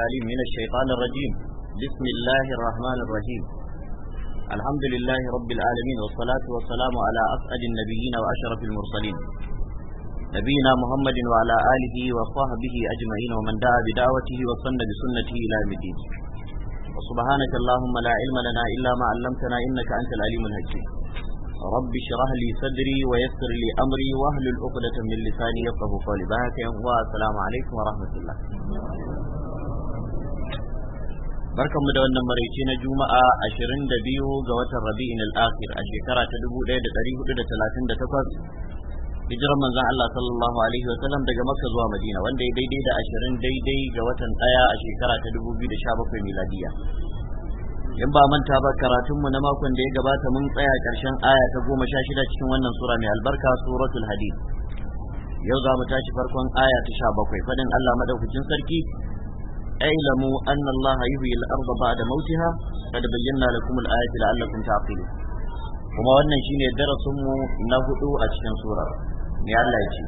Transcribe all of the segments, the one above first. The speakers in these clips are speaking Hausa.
العليم من الشيطان الرجيم بسم الله الرحمن الرحيم الحمد لله رب العالمين والصلاة والسلام على أسعد النبيين وأشرف المرسلين نبينا محمد وعلى آله وصحبه أجمعين ومن دعا بدعوته وصن بسنته إلى الدين وسبحانك اللهم لا علم لنا إلا ما علمتنا إنك أنت العليم الحكيم رب اشرح لي صدري ويسر لي امري واهلل عقدة من لساني يفقهوا قولي بارك يا السلام عليكم ورحمة الله barkanmu da wannan maraice na juma'a 22 ga watan rabi'in al-akhir a shekara ta 1438 hijiran manzon Allah sallallahu alaihi wa sallam daga Makka zuwa Madina wanda ya daidai da 20 daidai ga watan daya a shekara ta 2017 miladiya in ba manta ba karatunmu na makon da ya gabata mun tsaya karshen aya ta 16 cikin wannan sura mai albarka suratul hadid yau za mu tashi farkon aya ta 17 fadin Allah madaukakin sarki اعلموا أن الله يحيي الأرض بعد موتها قد بينا لكم الآية لعلكم تعقلون وما وانا شيني درسهم نهدو أشكن سورة يا الله يجي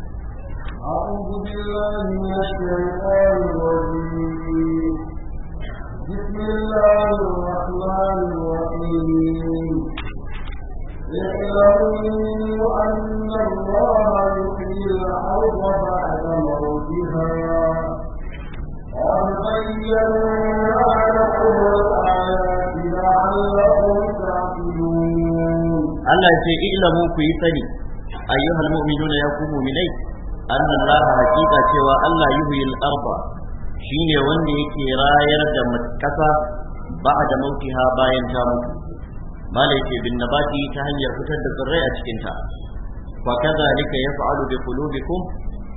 أعوذ بالله من الشيطان الرجيم بسم الله الرحمن الرحيم اعلموا أن الله يحيي الأرض بعد موتها Allah ce ilamu ku yi sani ayyuhal mu'minuna ya ku mu'minai anna Allah hakika cewa Allah yuhyil arba shine wanda yake rayar da kasa ba'da mautiha bayan ta mutu malai ce bin nabati ta hanyar fitar da tsirrai a cikin ta wa kadhalika yaf'alu bi qulubikum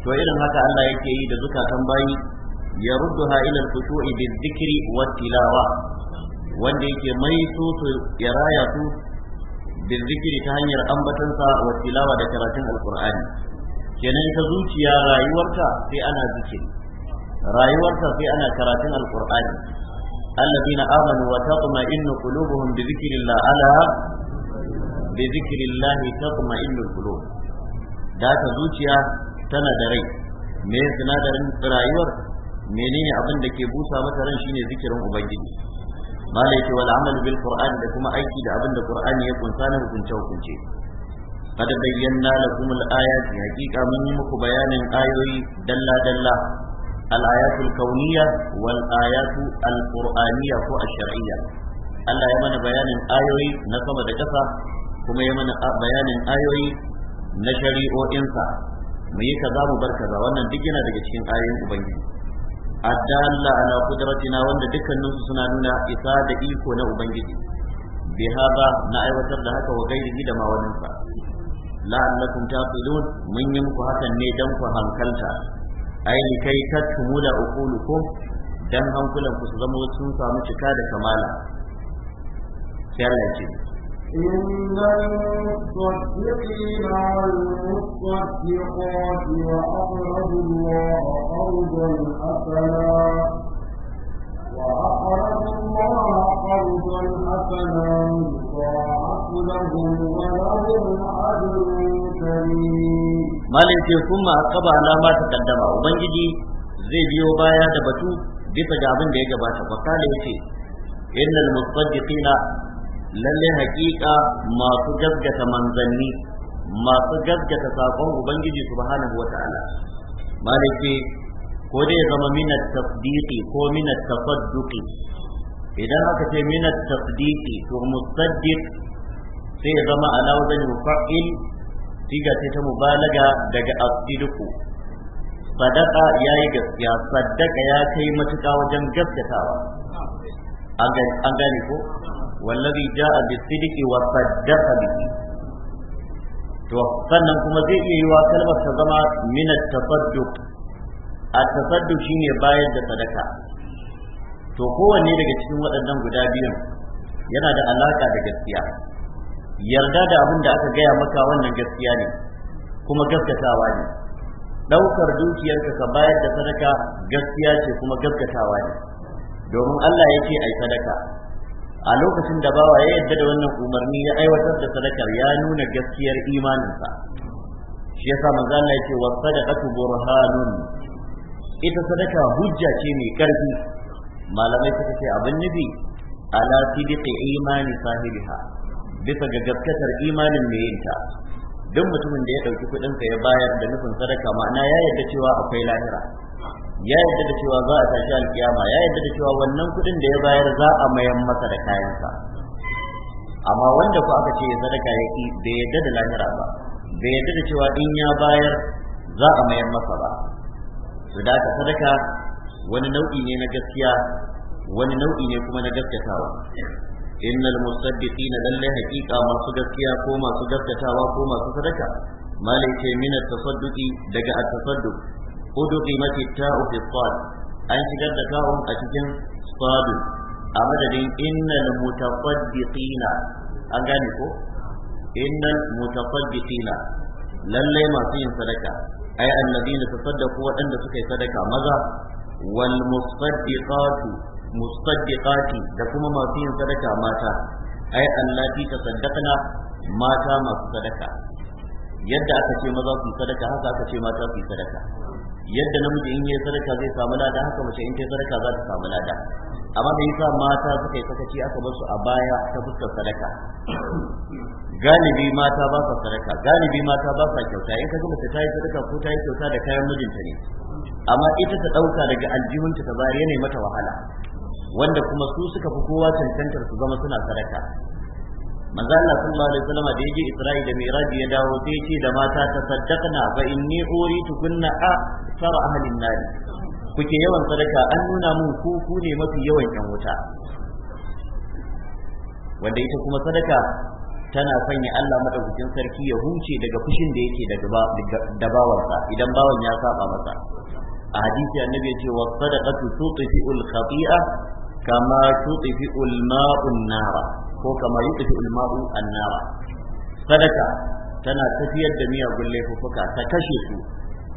to irin haka Allah yake yi da zukatan bayi yarudduha ila al-khushu'i bil-dhikri wat-tilawa wanda yake mai so su ya raya su bil-dhikri ta hanyar ambatansa wa tilawa da karatun alqur'ani kenan ta zuciya rayuwarta sai ana zikiri rayuwarta sai ana karatun alqur'ani الذين آمنوا وتطمئن قلوبهم بذكر الله ألا بذكر الله تطمئن القلوب da ta zuciya tana da rai me sinadarin rayuwar menene abin da ke busa mata ran shine zikirin ubangiji malai ce wal amal bil qur'an da kuma aiki da abin da qur'ani ya kunsa na hukunce hukunce qad bayyana lakum al ayati haqiqa mun yi muku bayanin ayoyi dalla dalla al ayatul kauniyya wal ayatu al qur'aniyya ko al shar'iyya Allah ya mana bayanin ayoyi na sama da ƙasa kuma ya mana bayanin ayoyi na shari'o'insa mu yi kaza mu bar kaza wannan duk yana daga cikin ayoyin ubangiji addalla ala qudratina wanda dukkanin su suna nuna isa da iko na ubangiji bi hada na aiwatar da haka wa gairi da ma wannan la annakum taqilun mun yi muku hakan ne dan ku hankalta ai kai tattumu da uqulukum dan hankulan ku su zama sun samu cika da kamala sai Allah ce إن المصدقين والمصدقات وأقرضوا الله قرضا حسنا وأقرضوا الله قرضا حسنا يضاعف لهم ولهم أجر كريم. مالك ثم أقبع على ما تقدم وبنجدي zai biyo baya da batu bisa ga abin da ya gabata fakala yace innal musaddiqina lalle haƙiƙa masu gaskata manzanni masu gaskata sakon ubangiji subhanahu wata'ala malike ko dai zama minat tasdiqi ko minat tafadduqi idan aka ce minat tasdiqi to musaddiq sai zama ala wajen mufa'il siga ce ta mubalaga daga asdiqu sadaka yayi gaskiya sadaqa ya kai matuƙa wajen gaskatawa an gane ko wallazi ja'a bisidqi wa saddaqa bihi to sannan kuma zai iya yiwa kalmar ta zama min at-tasadduq at-tasadduq shine bayar da sadaka to kowanne daga cikin waɗannan guda biyun yana da alaka da gaskiya yarda da abin da aka gaya maka wannan gaskiya ne kuma gaskatawa ne ɗaukar dukiyarka ka bayar da sadaka gaskiya ce kuma gaskatawa ne domin Allah ya ce ai sadaka a lokacin da bawa ya yadda da wannan umarni ya aiwatar da sadakar ya nuna gaskiyar imaninsa shi yasa manzo Allah yake wa sadaqatu burhanun ita sadaka hujja ce mai karfi malamai suka ce abin nufi ala sidiqi imani sahibiha bisa ga gaskatar imanin mai yinta Don mutumin da ya ɗauki kuɗinsa ya bayar da nufin sadaka ma'ana ya yadda cewa akwai lahira ya yarda da cewa za a tashi alkiyama ya yarda da cewa wannan kuɗin da ya bayar za a mayan masa da kayansa amma wanda ku aka ce sadaka ya ki bai yarda da lahira ba bai yarda da cewa in ya bayar za a mayan masa ba su da ka sadaka wani nau'i ne na gaskiya wani nau'i ne kuma na gaskatawa innal musaddiqina lallai haqiqa masu gaskiya ko masu gaskatawa ko masu sadaka malai ce min at-tasadduqi daga at-tasadduq udqimati ta'u fi sad an shigar da ta'un a cikin sad a madadin innal mutafaddiqina an gani ko innal mutafaddiqina lallai masu yin sadaka ai na su alladhina ko waɗanda suka yi sadaka maza wal musaddiqatu musaddiqati da kuma masu yin sadaka mata ai allati tasaddaqna mata masu sadaka yadda aka ce maza su sadaka haka aka ce mata su sadaka yadda namiji in yayi sadaka zai samu lada haka mace in tayi sadaka za ta samu lada amma me yasa mata suka yi sakaci aka bar su a baya ta fuskar sadaka galibi mata ba sa sadaka galibi mata ba sa kyauta in ka mace ta yi sadaka ko ta yi kyauta da kayan mijinta ne amma ita ta dauka daga aljihunta ta bayar yana mata wahala wanda kuma su suka fi kowa cancantar su zama suna sadaka manzo Allah sallallahu alaihi wasallam da yaje Isra'i da Mi'raj ya dawo sai ce da mata ta saddaqna fa inni uritu kunna a sar ahlin nar kuke yawan sadaka an nuna mun ku ku ne mafi yawan yan wuta wanda ita kuma sadaka tana sanya Allah madaukakin sarki ya huce daga fushin da yake da bawansa idan bawan ya saba masa a hadisi annabi ya ce wa sadaqatu tuqifi al khati'a kama tuqifi al an nara ko kama yi tafi ulma'u annaba. sadaka tana tafiyar da miyagun laifuffuka ta kashe su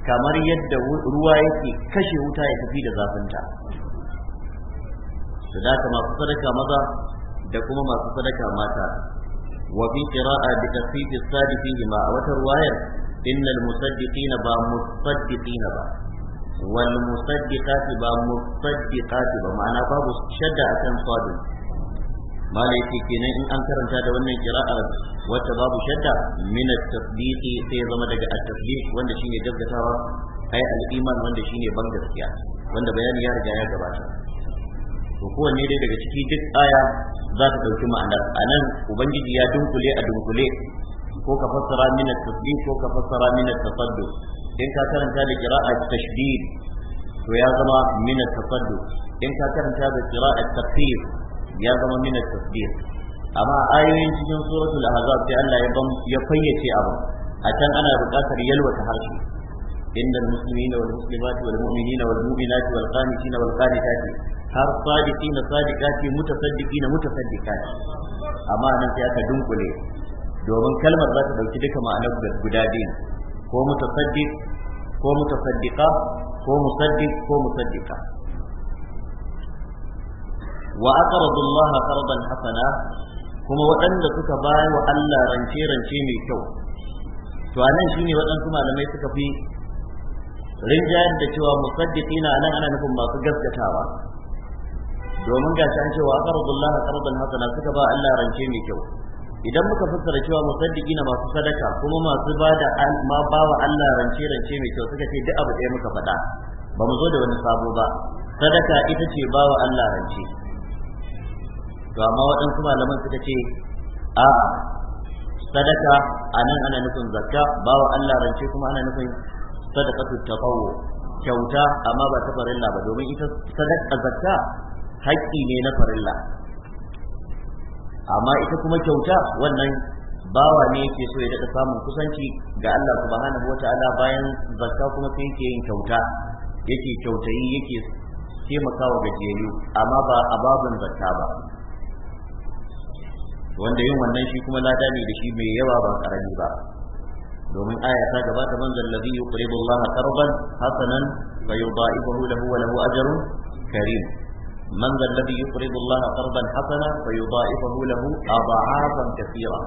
kamar yadda ruwa yake kashe wuta ya tafi da zafinta Sadaka masu sadaka maza da kuma masu sadaka mata wa fi qira'a bi tasfifi sadiqihi ma wata ruwayar innal musaddiqina ba musaddiqina ba wal musaddiqati ba musaddiqati ba ma'ana babu shadda akan sadiq malai ce kenan in an karanta da wannan kira'ar wata babu shadda min at-tasdiqi sai zama daga at-tasdiq wanda shine gaskatawa ai al-iman wanda shine ban gaskiya wanda bayani ya riga ya gabata to kowanne dai daga ciki duk aya za ta dauki ma'anar anan ubangiji ya dunkule a dunkule ko ka fassara min at-tasdiq ko ka fassara min at-tasadduq in ka karanta da qira'a tashdid to ya zama min at-tasadduq in ka karanta da qira'a tafsir ya zama min tasbih amma a ayoyin cikin suratul ahzab sai Allah ya ya fayyace abu a can ana buƙatar yalwata harshe inda muslimina wal muslimati wal mu'minina wal mu'minati wal qanitina wal qanitati har sadiqina sadiqati mutasaddiqina mutasaddiqati amma nan sai aka dunkule domin kalmar za ta dauki duka ma'anar guda biyu ko mutasaddiq ko mutasaddiqa ko musaddiq ko musaddiqa wa aqradu Allah qardan hasana kuma waɗanda suka bayar wa Allah rance rance mai kyau to anan shine waɗansu malamai suka fi rinjayar da cewa musaddiqina anan ana nufin masu gaskatawa domin ga an cewa aqradu Allah qardan hasana suka ba Allah rance mai kyau idan muka fassara cewa musaddiqina masu sadaka kuma masu bada ma ba wa Allah rance rance mai kyau suka ce duk abu ɗaya muka faɗa ba mu zo da wani sabo ba sadaka ita ce bawa Allah rance to amma waɗansu malaman suka ce a sadaka a nan ana nufin zakka ba wa Allah rance kuma ana nufin su tafawo kyauta amma ba ta farilla ba domin ita sadaka zakka haƙƙi ne na farilla amma ita kuma kyauta wannan bawa ne yake so ya daɗa samun kusanci ga Allah subhanahu wata'ala bayan zakka kuma sai yake yin kyauta yake kyautayi yake taimakawa gajiyayyu amma ba a babin zakka ba wanda yin wannan shi kuma lada ne da shi mai yawa ba karami ba domin aya ta gabata man zallazi yuqribu Allah qarban hasanan fa yudaifahu lahu wa lahu ajrun karim man zallazi yuqribu Allah qarban hasanan fa yudaifahu lahu adha'afan kathira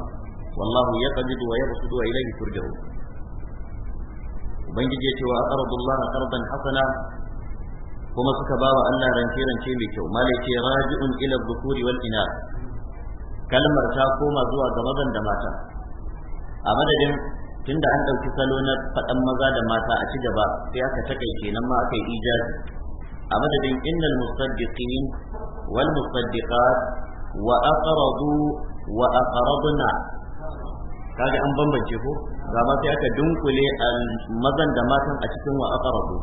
wallahu yaqbidu wa yabsutu wa ilayhi turja'un ubangiji ya ce wa aqradu Allah qarban hasana kuma suka bawa Allah rance rance mai kyau malai ce raji'un ila dhukuri wal inath kalmar ta koma zuwa ga mazan da mata a madadin tunda an ɗauki salo na faɗan maza da mata a ci gaba sai aka takaice nan ma aka yi ijazi a madadin innal musaddiqin wal musaddiqat wa aqradu wa aqradna kaga an bambance ko ga ma sai aka dunkule mazan da matan a cikin wa aqradu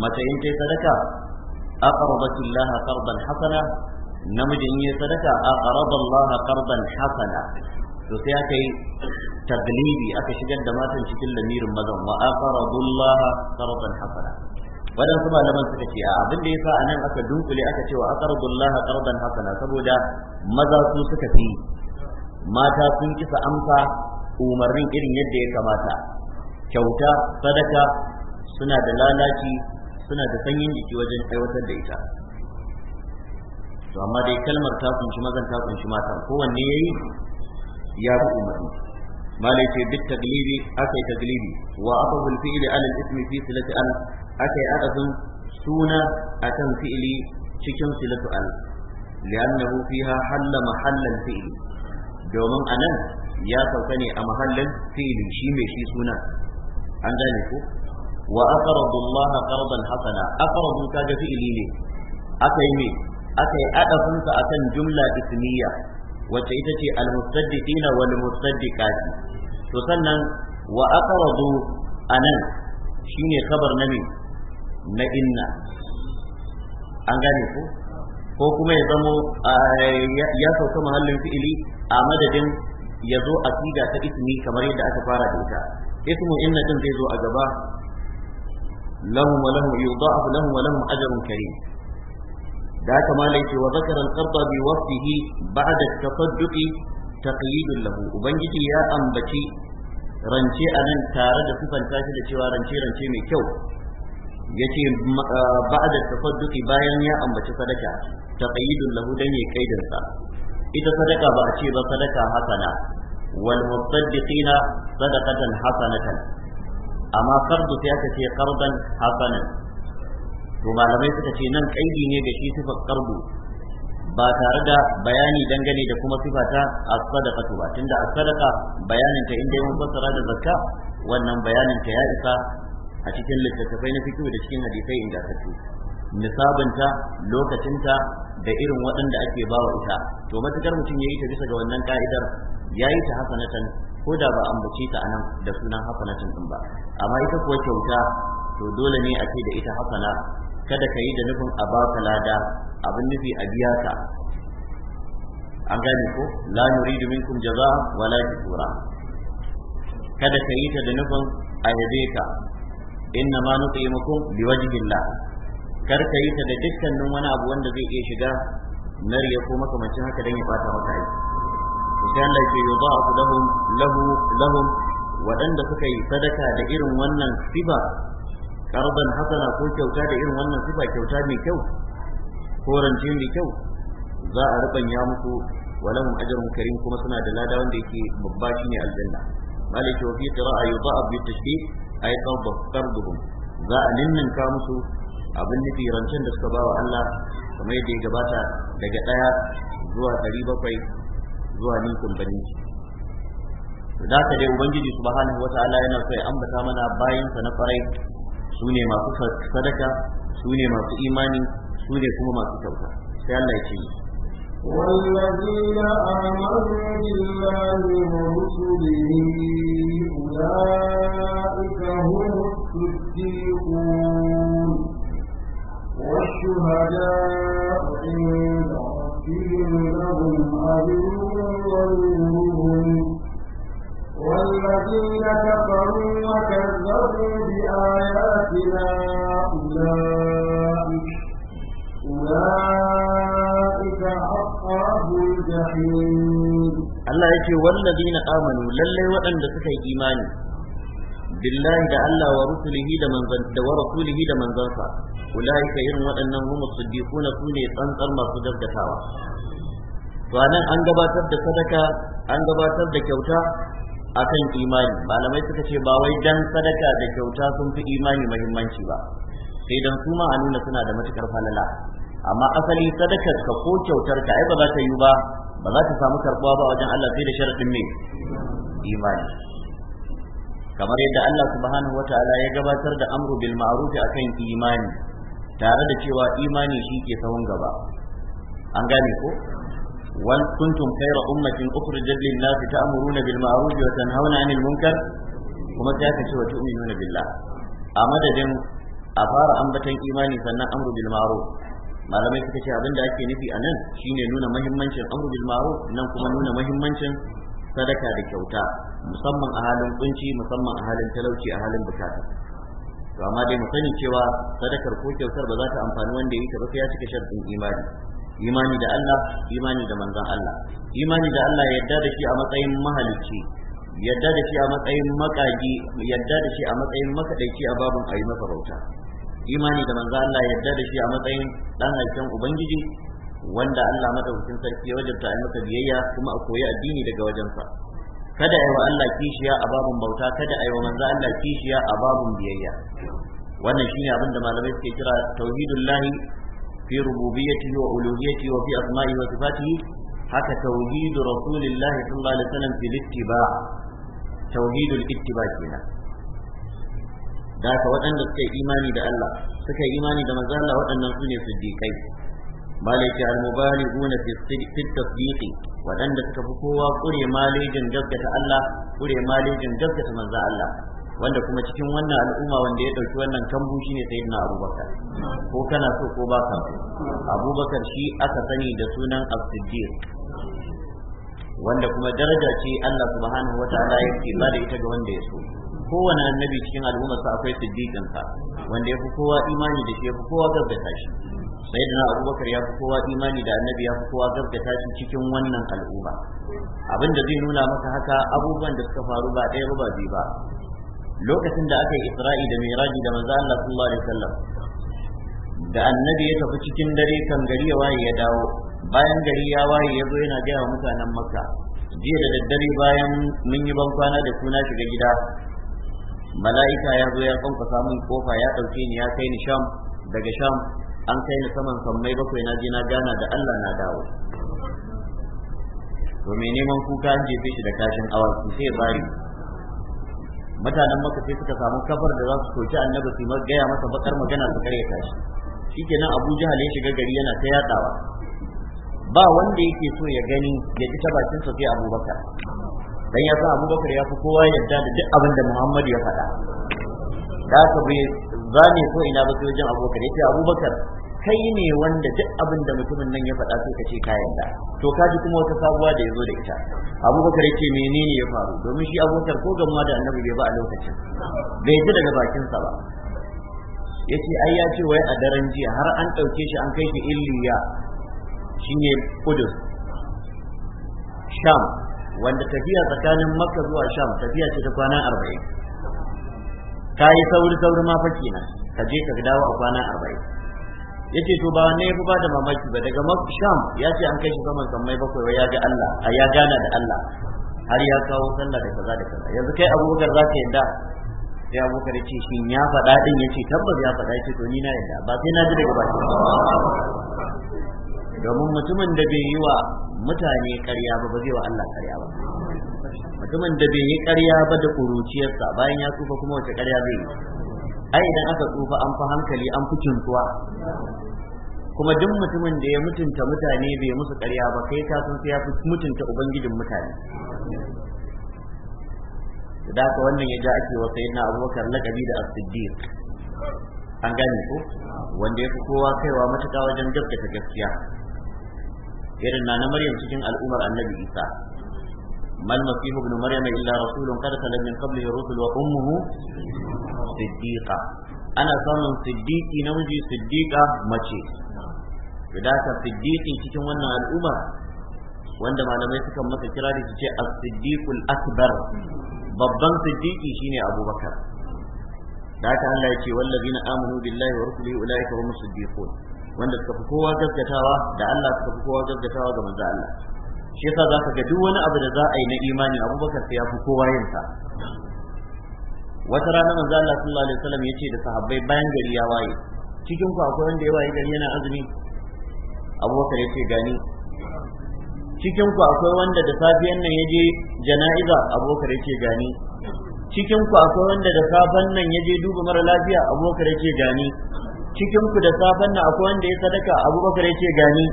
mace in kai sadaka aqradat Allah qardan hasana namiji in yi sadaka a qaradallah qardan hasana to sai aka yi taglibi aka shigar da matan cikin lamirin mazan wa aqradullah qardan hasana waɗansu malaman suka ce a abin da a anan aka dunkule aka ce wa aqradullah qardan hasana saboda maza su suka fi mata sun kisa amsa umarnin irin yadda ya kamata kyauta sadaka suna da lalaci suna da sanyin jiki wajen aiwatar da ita to amma dai kalmar ta kunshi mazan ta kunshi matan kowanne ya yi ya bi umarni malai ce duk taglibi akai taglibi wa aqahu al-fi'l ala ismi fi silati al yi aqafin suna akan fi'li cikin silatu al li'annahu fiha halla mahallan fi'li domin anan ya sauka ne a mahallin fi'li shi mai shi suna an gane ko wa aqradu Allah qardan hasana aqradu kaga fi'li ne akai me aka yi adafinsa akan jumla ismiya wacce ita ce Al-mustadi, almustaddiqina wal mustaddiqati to sannan wa aqradu anan shine khabar na me na inna an gane ko ko kuma ya zamo ya sauka mahallin fi'ili a madadin ya zo a siga ta ismi kamar yadda aka fara da ita ismu inna din zai zo a gaba lahum wa lahum yudha'afu lahum wa lahum ajrun karim da haka malai ce wa zakara al-qabda bi wasfihi ba'da at-tasadduqi taqlidun lahu ubangiji ya ambaci rance a nan tare da sifanta shi da cewa rance rance mai kyau yace ba'da tafadduqi bayan ya ambaci sadaka taqayyidun lahu dan ya kaidin sa ita sadaka ba a ce ba sadaka hasana wal musaddiqina sadaqatan hasanatan amma qardu sai aka ce qardan hasanan to malamai suka ce nan kaidi ne da shi sifar karbu ba tare da bayani dangane da kuma sifata ta as sadaqa ba tunda as-sadaqa bayanin ta inda mun fassara da zakka wannan bayanin ta ya isa a cikin littattafai na fikihu da cikin hadisai ta lokacin lokacinta da irin waɗanda ake bawa ita to matukar mutum ya yi ta bisa ga wannan ka'idar yayi ta hasanatan ko da ba buci ta anan da sunan hasanatan din ba amma ita kuwa kyauta to dole ne a ce da ita hasana kada ka yi da nufin a baka lada abin nufi a biya ka an gane ko la nuridu minkum jaza wala shukura kada ka yi ta da nufin a yabe ka inna ma nuqimukum biwajhillah kar ka yi ta da dukkanin wani abu wanda zai iya shiga nariya ko makamancin haka dan ya bata maka aiki to sai Allah ke yudha'u lahum lahu lahum waɗanda suka yi sadaka da irin wannan sifa qardan hasana ko kyauta da irin wannan sifa kyauta mai kyau ko rance mai kyau za a rubanya muku walahum ajrun karim kuma suna da lada wanda yake babba shine aljanna malaka wa fi qira'a yudha'ab bi tashdid ay qarduhum za a ninnin ka musu abin nufi rancen da suka bawa Allah kamar yadda ya gabata daga ɗaya zuwa ɗari bakwai zuwa ninkin bani da ka dai ubangiji subhanahu wata'ala yana so ya ambata mana bayan na kwarai su ne masu sadaka su ne masu imani su ne kuma masu kyauta sai Allah ya ce والذين آمنوا بالله ورسله أولئك هم الصديقون والشهداء عند ربهم لهم أجرهم والذين كفروا وكذبوا بآياتنا أولئك أولئك أصحاب الجحيم الله يجي والذين آمنوا waɗanda suka yi imani. Billahi da Allah wa rusulihi da manzan da wa rasulihi da manzansa ulaika irin waɗannan hum siddiquna sune tsantsar masu gaggatawa to anan an gabatar da sadaka an gabatar da kyauta akan imani malamai suka ce ba wai dan sadaka da kyauta sun fi imani muhimmanci ba sai dan su a nuna suna da matukar falala amma asali sadakar ka ko kyautar ka ba za ta yi ba ba za ta samu karbuwa ba wajen Allah sai da sharadin me imani kamar yadda Allah subhanahu wataala ya gabatar da amru bil ma'ruf akan imani tare da cewa imani shi ke sahun gaba an gane ko wal kuntum khayra ummatin ukhrijat lin nas ta'muruna bil ma'ruf wa tanhauna 'anil munkar kuma sai aka ce wa tu'minuna billah a madadin a fara ambatan imani sannan amru bil ma'ruf malamai suka ce abinda ake nufi a nan shine nuna mahimmancin amru bil nan kuma nuna mahimmancin sadaka da kyauta musamman a halin kunci musamman a halin talauci a halin bukata to amma dai mu sani cewa sadakar ko kyautar ba za ta amfani wanda yi ta ba sai ya cika sharɗin imani imani da Allah imani da manzon Allah imani da Allah yadda da shi a matsayin mahalicci yadda da shi a matsayin makaji yadda da shi a matsayin makadaici a babun ayi masa bauta imani da manzon Allah yadda da shi a matsayin dan aikin ubangiji wanda Allah madaukakin sarki ya wajabta a masa biyayya kuma a koyi addini daga wajensa kada ayi wa Allah kishiya a babun bauta kada ayi wa manzon Allah kishiya a babun biyayya wannan shine abin da malamai suke kira Tauhidullahi? في ربوبيته وألوهيته وفي أسمائه وصفاته haka tauhidu rasulillahi sallallahu alaihi wasallam fil ittiba ittiba da ka waɗanda suka yi imani da Allah suka yi imani da manzo Allah waɗannan su ne siddiqai malaki al-mubalighuna fi fi tasdiq waɗanda suka fi kowa kure malejin gaskata Allah kure malejin gaskata Allah wanda kuma cikin wannan al'umma wanda ya dauki wannan kambu shine sayyidina abubakar ko kana so ko ba ka abubakar shi aka sani da sunan as wanda kuma daraja ce Allah subhanahu wataala yi ba da ita ga wanda ya so kowane annabi cikin al'ummarsa akwai siddiqin sa wanda ya fi kowa imani da shi ya fi kowa gaggata shi sayyidina abubakar ya fi kowa imani da annabi ya fi kowa gaggata shi cikin wannan al'umma abin da zai nuna maka haka abubuwan da suka faru ba ɗaya ba biyu ba lokacin da aka yi isra'i da miraji da manzo Allah sallallahu alaihi wasallam da annabi ya tafi cikin dare kan gari ya waye ya dawo bayan gari ya waye ya zo yana gaya wa mutanen makka jiya da daddare bayan mun yi ban kwana da suna shiga gida mala'ika ya zo ya kanka min kofa ya dauke ni ya kai ni sham daga sham an kai ni saman sammai bakwai na je na gana da Allah na dawo to me neman kuka an jefe shi da kashin awaki sai bari mutanen maka sai suka samu kafar da za su soki annabi su gaya masa bakar magana su karyata shi shikenan abu jihar ya shiga gari yana ta yadawa ba wanda yake so ya gani ya ji ta bakin sa sai abubakar dan ya san abubakar ya fi kowa yadda da duk abin da muhammad ya faɗa da aka bai zane ko ina ba sai wajen abubakar ya ce abubakar kai ne wanda duk abin da mutumin nan ya faɗa sai ka ce ka yarda to ka ji kuma wata sabuwa da ya zo da ita abubakar ya menene ya faru domin shi abubakar ko gamma da annabi bai ba a lokacin bai ji daga bakinsa ba ya ce ai ya ce wai a daren jiya har an ɗauke shi an kai shi illiya shine kudus sham wanda tafiya tsakanin makka zuwa sham tafiya ce ta kwana arba'in ka yi sauri sauri ma na, ka je ka dawo a kwana arba'in yake to ba wanne ba da mamaki ba daga sham ya ce an kai shi saman sammai bakwai ya ga Allah ya gana da Allah har ya kawo sallah da kaza da kaza yanzu kai abubakar za ka yadda sai abubakar ce shin ya faɗa din yace tabbas ya faɗa yace to ni na yadda ba sai na ji daga baki domin mutumin da bai yi wa mutane ƙarya ba ba zai wa Allah ƙarya ba mutumin da bai yi ƙarya ba da ƙuruciyarsa bayan ya tsufa kuma wace ƙarya zai yi ai idan aka tsufa an fi hankali an fi cintuwa kuma duk mutumin da ya mutunta mutane bai musu ƙarya ba kai ka san sai ya fi mutunta ubangijin mutane da ka wannan ya ja ake wa sayyidina abubakar lakabi da as an gane ko wanda ya fi kowa kaiwa matuƙa wajen gaskata gaskiya irin na na maryam cikin al'ummar annabi isa mal masihu ibn maryam illa rasulun qad khala min qablihi rusul wa ummuhu siddiqa ana samun siddiqi namiji siddiqa mace da siddiqi cikin wannan al'umma wanda malamai suka masa kira da ce as-siddiqul akbar babban siddiqi shine abubakar da haka Allah ya ce wallazina amanu billahi wa rusulihi ulaika hum siddiqun wanda suka fi kowa gaskatawa da Allah suka fi kowa gaskatawa ga manzo Allah shi yasa zaka ga duk wani abu da za a yi na imani abubakar sai ya fi kowa yin sa wata rana manzo Allah sallallahu alaihi wasallam yace da sahabbai bayan gari ya waye cikin ku akwai wanda ya waye gari yana azumi Abubakar yace gani cikin ku akwai wanda da safiyan nan yaje jana'iza Abubakar yace gani cikin ku akwai wanda da safan nan yaje duba mara lafiya Abubakar yace gani cikin ku da safan nan akwai wanda ya sadaka Abubakar yace gani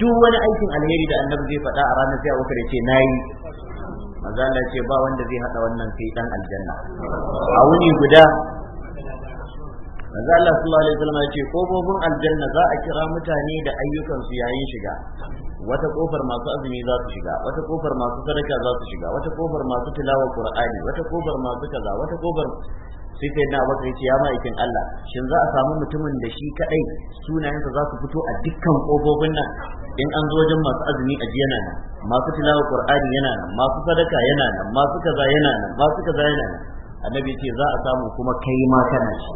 duk wani aikin alheri da Annabi zai faɗa a ranar sai Abubakar yace nayi manzo Allah ce ba wanda zai hada wannan sai dan aljanna a wuni guda manzo Allah sallallahu alaihi wasallam ya ce kofofin aljanna za a kira mutane da ayyukan su yayin shiga wata kofar masu azumi za su shiga wata kofar masu sadaka za su shiga wata kofar masu tilawa qur'ani wata kofar masu kaza wata kofar sai na abubakar ya ma'aikin Allah shin za a samu mutumin da shi kadai sunayensa za su fito a dukkan kofofin nan in an zo wajen masu azumi a ji yana nan masu tilawa qur'ani yana nan masu sadaka yana nan masu kaza yana nan masu kaza yana nan annabi ce za a samu kuma kai ma kana shi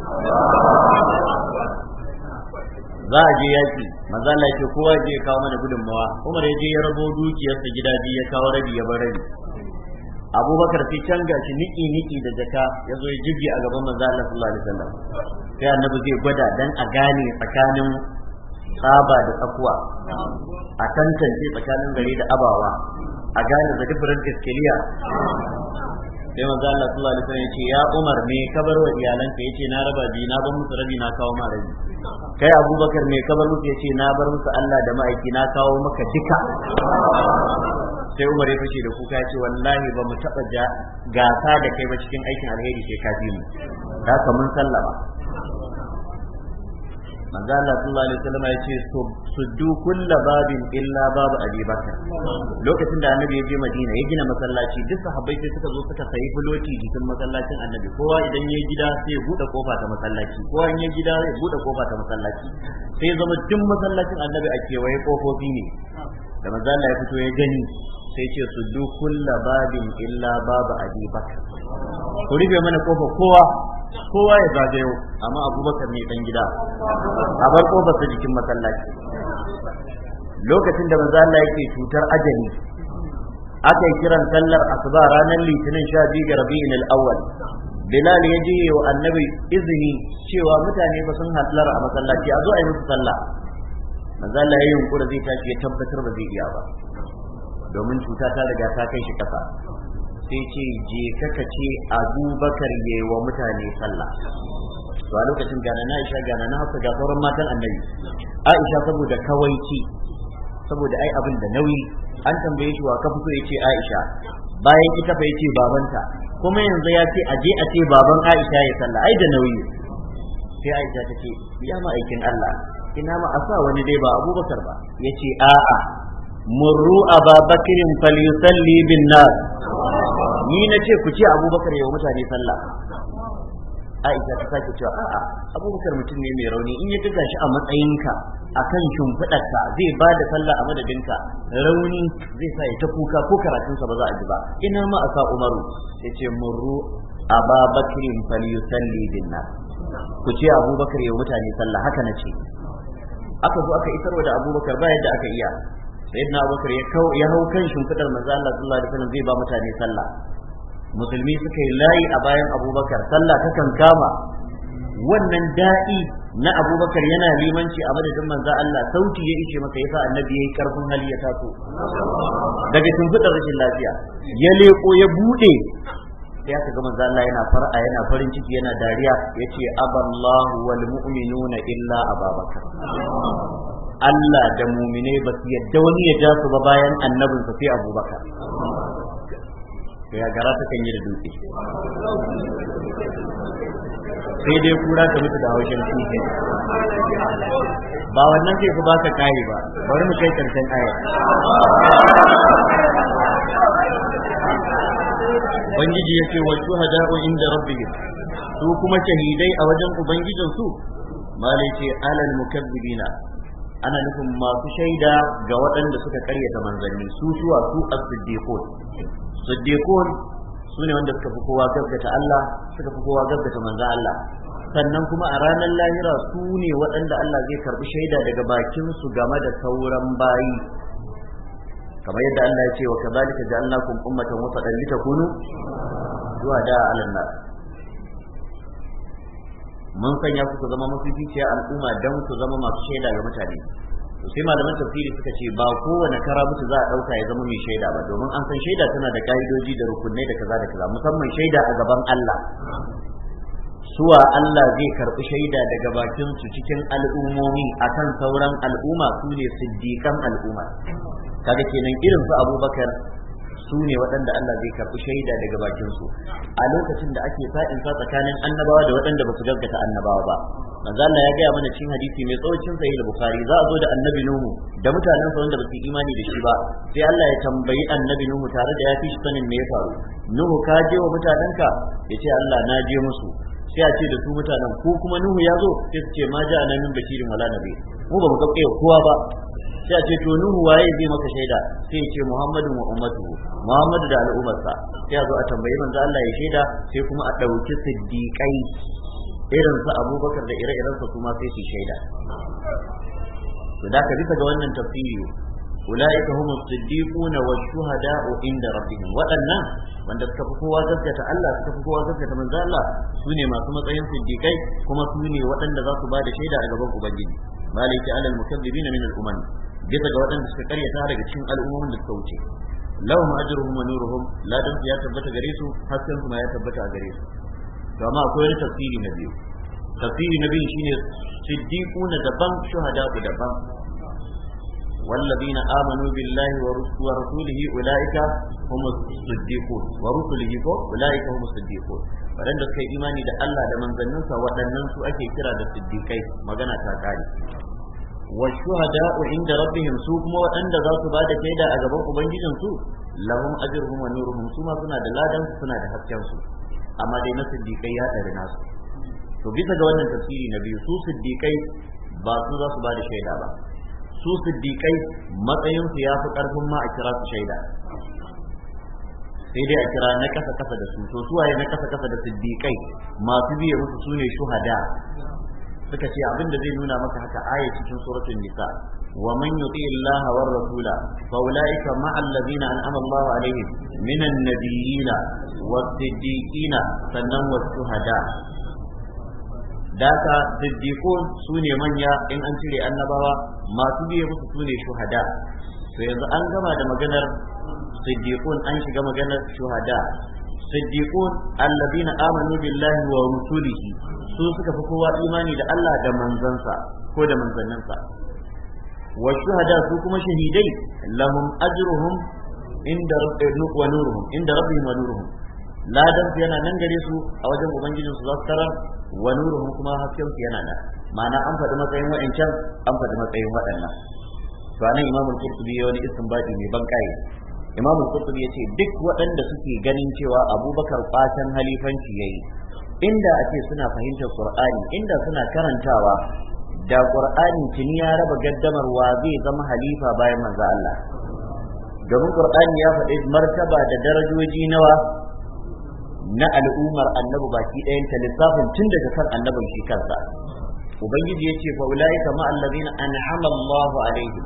za a je yaki maza la ce kowa je kawo mana gudunmawa umar ya je ya rabo dukiyarsa gida bi ya kawo rabi ya bar rabi abubakar sai can gashi niki niki da jaka ya zo ya jibge a gaban manzo Allah sallallahu alaihi wasallam sai annabi zai gwada dan a gane tsakanin tsaba da tsakuwa a tantance tsakanin gari da abawa a gane da different iskiliya sai manzo Allah sallallahu alaihi wasallam yace ya Umar me kabar wa iyalanka yace na raba bi na bar musu rabi na kawo ma rabi kai Abubakar me kabar musu yace na bar musu Allah da ma'aiki na kawo maka duka sai Umar ya fice da kuka yace wallahi ba mu taba gasa da kai ba cikin aikin alheri sai ka bi mu da ka mun sallama manzo Allah sallallahu alaihi wasallam ya ce su du kulla babin illa babu Abi Bakar lokacin da annabi ya je Madina ya gina masallaci duk sahabbai sai suka zo suka sayi filoti jikin masallacin annabi kowa idan ya gida sai ya bude kofa ta masallaci kowa in ya gida ya bude kofa ta masallaci sai zama duk masallacin annabi a kewaye kofofi ne da manzo Allah ya fito ya gani sai ce su du kulla babin illa babu Abi Bakar ku rufe mana kofa kowa kowa ya zagayo amma abubakar ne dan gida a bar kofar sa jikin masallaci lokacin da manzo Allah yake cutar ajali aka yi kiran sallar asuba ranar litinin sha biyu ga rabi'in al-awwal bilal ya je wa annabi izini cewa mutane ba sun hatlar a masallaci a zo a yi musu sallah manzo Allah ya yunkura zai tashi ya tabbatar ba zai iya ba domin cuta ta riga ta kai shi kasa sai ce je kaka ce bakar ya yi wa mutane sallah to a lokacin gana na aisha gana na hafsa ga sauran matan annabi aisha saboda kawaici saboda ai abin da nauyi an tambaye shi wa kafa so ya ce aisha bayan ita fa ya ce babanta kuma yanzu ya ce aje a ce baban aisha ya sallah ai da nauyi sai aisha ta ce ya ma aikin allah ina ma a sa wani dai ba abubakar ba Yace a'a murru a بكر فليصلي بالناس ni na ce ku ce abubakar yawa mutane sallah aisha ta sake cewa a'a abubakar mutum ne mai rauni in ya daga shi a matsayinka a akan shimfiɗarka zai ba da sallah a madadinka rauni zai sa ya ta kuka ko karatunsa ba za a ji ba ina ma sa umaru ya ce murru ababakrin falyusalli binna ku ce abubakar yawa mutane sallah haka na ce aka zo aka isarwa da abubakar ba yadda aka iya sayyidina abubakar ya hau kan shimfiɗar manzo Allah sallallahu alaihi wasallam zai ba mutane sallah musulmi suka yi layi a bayan abubakar sallah ta kankama wannan da'i na abubakar yana limanci a madadin manza Allah sauti ya ishe masa yasa annabi yayi karfin hali ya taso daga shimfiɗar rashin lafiya ya leko ya bude ya ga manzo Allah yana far'a yana farin ciki yana dariya yace aballahu wal mu'minuna illa ababakar Allah da mumine ba su yadda wani ya ja su ba bayan annabinsa sai abubakar ya gara ta kan yi da dutse sai dai kura ta mutu da haushin tuke ba wannan su ku baka kayi ba bari mu kai karshen aya ubangiji ya ce wa shuhada'u inda rabbihim su kuma shahidai a wajen ubangijinsu malai ce alal mukabbibina ana nufin masu shaida ga waɗanda suka karyata manzanni su suwa su as-siddiqun siddiqun su ne wanda suka fi kowa gaggata Allah suka fi kowa gaggata manzan Allah sannan kuma a ranar lahira su ne waɗanda Allah zai karɓi shaida daga bakinsu su game da sauran bayi kamar yadda Allah ya ce wa kadhalika ja'alnakum ummatan wasatan litakunu zuwa da Allah. mun sanya ya ku zama ce al'umma dan ku zama masu shaida ga mutane to sai malaman tafsiri suka ce ba kowane kara za a dauka ya zama mai shaida ba domin an san shaida tana da ka'idoji da rukunai da kaza da kaza musamman shaida a gaban Allah suwa Allah zai karɓi shaida daga bakin su cikin al'ummomi akan sauran al'umma su ne siddiqan al'umma kaga kenan irin su abubakar su ne waɗanda Allah zai karɓi shaida daga bakin su a lokacin da ake sa'in sa tsakanin annabawa da waɗanda ba su gaskata annabawa ba manzo Allah ya gaya mana cikin hadisi mai tsawon sahih al-bukhari za a zo da annabi nuhu da mutanen sa wanda ba su imani da shi ba sai Allah ya tambayi annabi nuhu tare da ya fi sanin me ya faru nuhu ka je wa mutanenka ce Allah na je musu sai a ce da su mutanen ko kuma nuhu ya zo sai su ce ma ja nan min bashirin wala nabi mu ba mu ga kowa ba sai a ce to nuhu waye zai maka shaida sai ya ce muhammadun wa ummatuhu muhammadu da al'ummarsa sai a zo a tambayi manzo Allah ya shaida sai kuma a ɗauki siddiƙai irin su abubakar da ire-iren su kuma sai su shaida to da ka bisa ga wannan tafsiri ulaika humu siddiquna wa shuhada'u inda rabbihim waɗannan wanda suka fi kowa gaskata Allah suka fi kowa gaskata manzo Allah sune masu matsayin siddiqai kuma sune waɗanda za su ba da shaida a gaban ubangiji maliki alal mukazzibina min al-umam bisa ga waɗanda suka karyata daga cikin al'ummomin da suka wuce lahum ajruhum wa nuruhum ladan ya tabbata gare su hasken kuma ya tabbata a gare su to amma akwai wani tafsiri na biyu tafsiri na biyu shine siddiquna daban shuhada daban والذين آمنوا بالله ورسوله أولئك هم الصديقون ورسله أولئك هم الصديقون waɗanda suka yi imani da Allah da manzanninsa waɗannan su ake kira da siddiƙai magana ta ƙare wa shuhada'u inda rabbihim su kuma waɗanda za su bada shaida a gaban ubangijin su lahum ajruhum wa nuruhum su ma suna da ladan su suna da hasken su amma dai na ya dare nasu to bisa ga wannan tafsiri na biyu su siddiqai ba su za su bada shaida ba su yafi karfin a su shaida sai dai a kira na kasa kasa da su to su waye na kasa kasa da siddiqai masu biye musu sune shuhada suka ce abin da zai nuna maka haka aya cikin suratul nisa wa man yuti Allah war rasula fa ulaika ma allazina an'ama Allah alaihim minan nabiyina was-siddiqina sannan was-shuhada daka siddiqun sune manya in an cire annabawa masu biye musu sune shuhada to yanzu an gama da maganar siddiqun an shiga maganar shuhada siddiqun allazina amanu billahi wa rusulihi su suka fi kowa imani da Allah da manzansa ko da manzanninsa wa shuhada su kuma shahidai lahum ajruhum inda rabbihim wa nuruhum inda rabbihim wa nuruhum ladan su yana nan gare su a wajen ubangijin su za su tarar wa nuruhum kuma hasken su yana nan ma'ana an faɗi matsayin wa'ancan an faɗi matsayin waɗannan to anan imamul qurtubi ya wani istinbadi mai ban kai imamul qurtubi ya ce duk waɗanda suke ganin cewa abubakar fatan halifanci yayi inda a ce suna fahimtar qur'ani inda suna karantawa da qur'ani tuni ya raba gaddamarwa zai zama halifa bayan manzo Allah domin qur'ani ya faɗi martaba da darajoji nawa na al'ummar annabi baki ɗayan ta lissafin tun daga kan annabin shi kansa ubangiji ya ce fa ulai kama allazina an'ama Allahu alaihim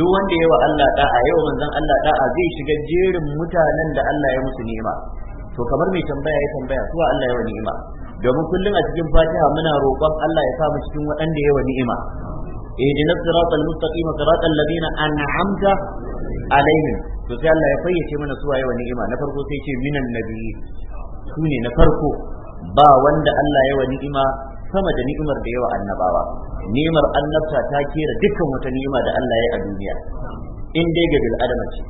duk wanda yawa Allah da'a yawa manzon Allah da'a zai shiga jerin mutanen da Allah ya musu ni'ima to kamar mai tambaya ya tambaya suwa Allah ya wa ni'ima domin kullum a cikin Fatiha muna roƙon Allah ya sa cikin waɗanda ya wa ni'ima اهدنا الصراط المستقيم صراط الذين انعمت عليهم to sai Allah ya fayyace mana su waye wa ni'ima na farko sai ce minan nabiyyi su ne na farko ba wanda Allah ya wa ni'ima sama da ni'imar da yawa annabawa ni'imar annabta ta kera dukkan wata ni'ima da Allah ya a duniya in dai ga bil adama ce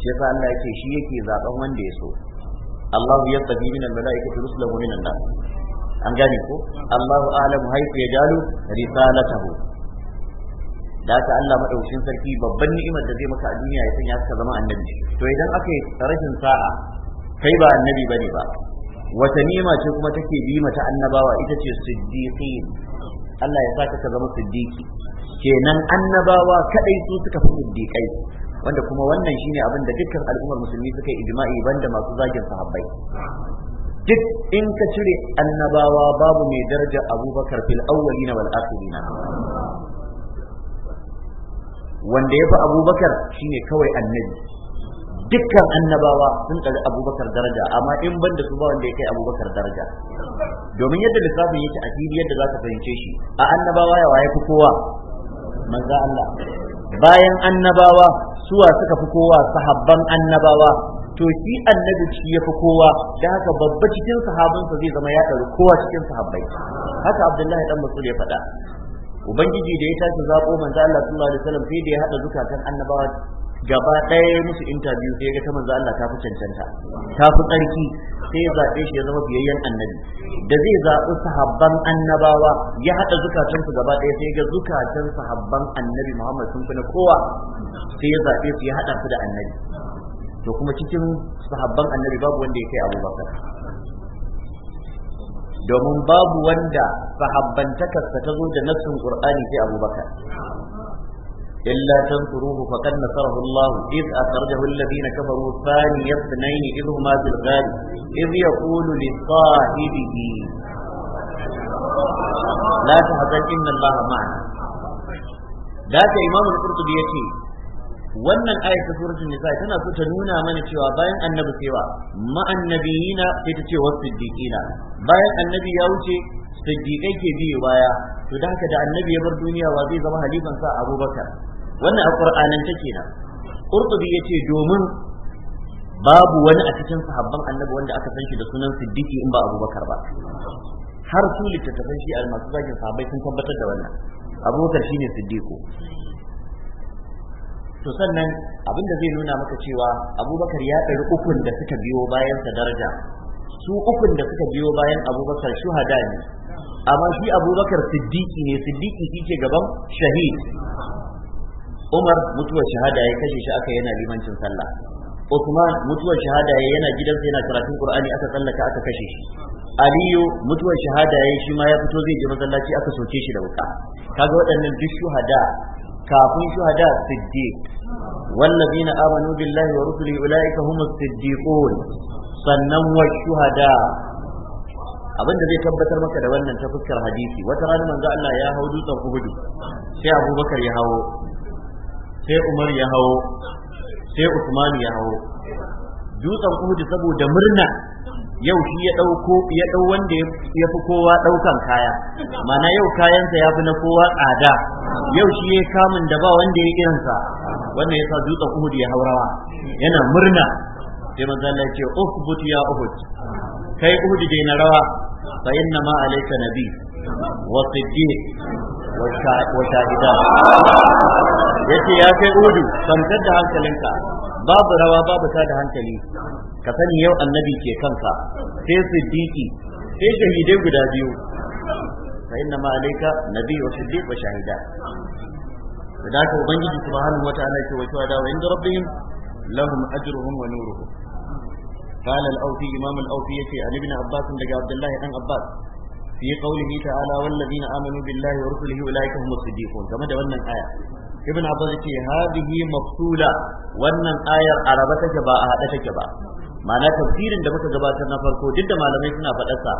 shi yasa Allah yake shi yake zaben wanda ya so Allahu yastafi min al-mala'ikati rusulahu min an-nas an gane ko Allahu a'lamu da ta Allah madaukakin sarki babban ni'imar da zai maka a duniya ya sanya ka zama annabi to idan aka yi rashin sa'a kai ba annabi bane ba wata ni'ima ce kuma take bi mata annabawa ita ce siddiqin Allah ya saka ka zama siddiqi kenan annabawa kadai su suka fi siddiqai wanda kuma wannan shine abin da dukkan al'ummar musulmi suka yi ijma'i banda masu zagin sahabbai duk in ka cire annabawa babu mai daraja abubakar fil awwalina wal akhirina wanda ya fi abubakar shine kawai annabi dukkan annabawa sun tsari abubakar daraja amma in ban da su ba wanda ya kai abubakar daraja domin yadda lissafin yake a fili yadda za ka fahimce shi a annabawa ya waye fi kowa manzo Allah bayan annabawa suwa suka fi kowa sahabban annabawa to shi annabi shi ya fi kowa da haka babba cikin sahabinsa zai zama ya ɗaru kowa cikin sahabbai haka abdullahi dan masul ya faɗa ubangiji da ya tashi zaɓo manzo Allah sallallahu alaihi wasallam sai da ya haɗa zukatan annabawa gaba ɗaya musu interview sai ga ta manzo Allah ta fi cancanta ta fi tsarki sai ya zaɓe shi ya zama biyayyen annabi da zai zaɓi sahabban annabawa ya haɗa zukatansu gaba ɗaya sai ga zukatan sahabban annabi Muhammad sun fi na kowa sai ya zaɓe su ya haɗa su da annabi to kuma cikin sahabban annabi babu wanda ya kai abubakar domin babu wanda sahabbantakarsa ta zo da nassin qur'ani sai abubakar إلا تنصروه فقد نصره الله إذ أخرجه الذين كفروا ثاني اثنين إذ هما في الغار إذ يقول لصاحبه لا تحزن إن الله معنا ذاك إمام القرطبي يتي wannan ayat ta suratul nisa tana so ta nuna mana cewa bayan annabi cewa ma annabiyina sai ta ce wa siddiqina bayan annabi ya wuce siddiqai ke biye baya to da haka da annabi ya bar duniya wa zai zama halifan sa Abubakar wannan a ƙur'anan take nan ƙurtubi ya ce domin babu wani a cikin sahabban annabi wanda aka san shi da sunan siddiqi in ba abubakar ba har su littattafan shi masu zagin sahabbai sun tabbatar da wannan abubakar shine Siddiko. to sannan abin da zai nuna maka cewa abubakar ya ɗari ukun da suka biyo bayan sa daraja su ukun da suka biyo bayan abubakar shuhada ne amma shi abubakar siddiqi ne siddiqi shi ke gaban shahid Umar mutuwar shahada ya kashe shi aka yana limancin sallah Usman mutuwar shahada ya yana gidansa yana karatun Qur'ani aka tsallaka aka kashe shi Aliyu mutuwar shahada ya shi ma ya fito zai je masallaci aka soke shi da wuka kaga waɗannan duk shuhada kafin shuhada siddiq والذين آمنوا بالله ورسله أولئك هم الصديقون sannan wa shuhada abin da zai tabbatar maka da wannan ta fuskar hadisi wata ranar manzo Allah ya hau dutsen Uhud sai Abubakar ya hawo sai Umar ya hawo sai Usman ya hawo dutsen Uhud saboda murna yau shi ya dauko ya dau wanda ya fi kowa daukan kaya mana yau kayansa ya fi na kowa tsada yau shi ya kamun da ba wanda ya irinsa ya yasa dutsen Uhud ya haurawa yana murna sai manzo Allah ya ce ukhbut ya Uhud kai Uhud dai na rawa fa inna ma alayka nabi wa siddiq wa shahida yace ya kai udu kwantar da hankalinka babu rawa babu sada da hankali ka sani yau annabi ke kanka sai siddiqi sai shahidai guda biyu fa inna ma alayka nabiyyu siddiq wa shahida da haka ubangiji subhanahu wataala ke wa shuhada wa inda rabbihim lahum ajruhum wa nuruhum قال الأوفي إمام الأوفي عن ابن عباس لقى عبد الله بن عباس في قوله تعالى والذين آمنوا بالله ورسله أولئك هم الصديقون كما دولنا الآية ibn abbas ce hadhihi mafsula wannan ayar araba take ba a hada take ba ma'ana tafsirin da muka gabatar na farko duk da malamai suna faɗarsa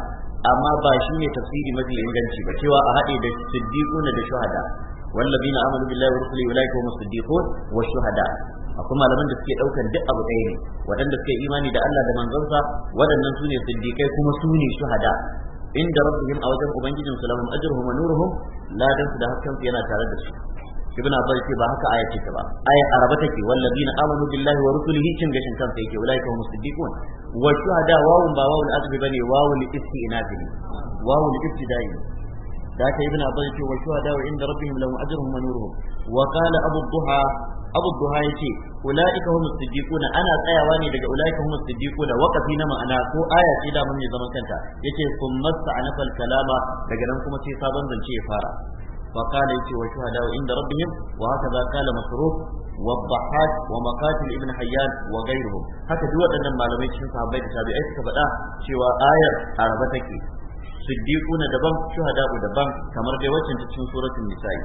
amma ba shi ne tafsiri mafi inganci ba cewa a haɗe da siddiquna da shuhada والذين امنوا بالله la'ika, اولئك هم الصديقون shuhada. akwai malaman da suke daukan duk abu ɗaya ne waɗanda suke imani da Allah da manzonsa waɗannan su ne siddiƙai kuma su ne shuhada inda rabbihim a wajen ubangijin su lahum ajruhum wa nuruhum ladan su da hakkan yana tare da su ibn abbas ce ba haka aya take ba aya araba take wallazina amanu billahi wa rusulihi cin gashin kansa yake ulaika hum siddiqun wa shuhada wawun ba wawun asbi bane wawun istinafi wawun ibtidai da ta ibn abbas ce wa shuhada wa inda rabbihim lahum ajruhum wa nuruhum wa qala abu duha abu duha yace ana tsayawa ne daga ulaika hum siddiquna waqafi na ma'ana ko aya ce da mun ne zaman kanta yace summa sa'anafal kalama daga nan kuma sai sabon zance ya fara فقال يتي والشهداء عند ربهم وهكذا قال مصروف والضحاك ومقاتل ابن حيان وغيرهم haka duk waɗannan malamai cikin sahabbai da tabi'ai suka faɗa cewa ayar araba take siddiquna daban shuhada'u daban kamar dai waccan ta cikin suratul nisa'i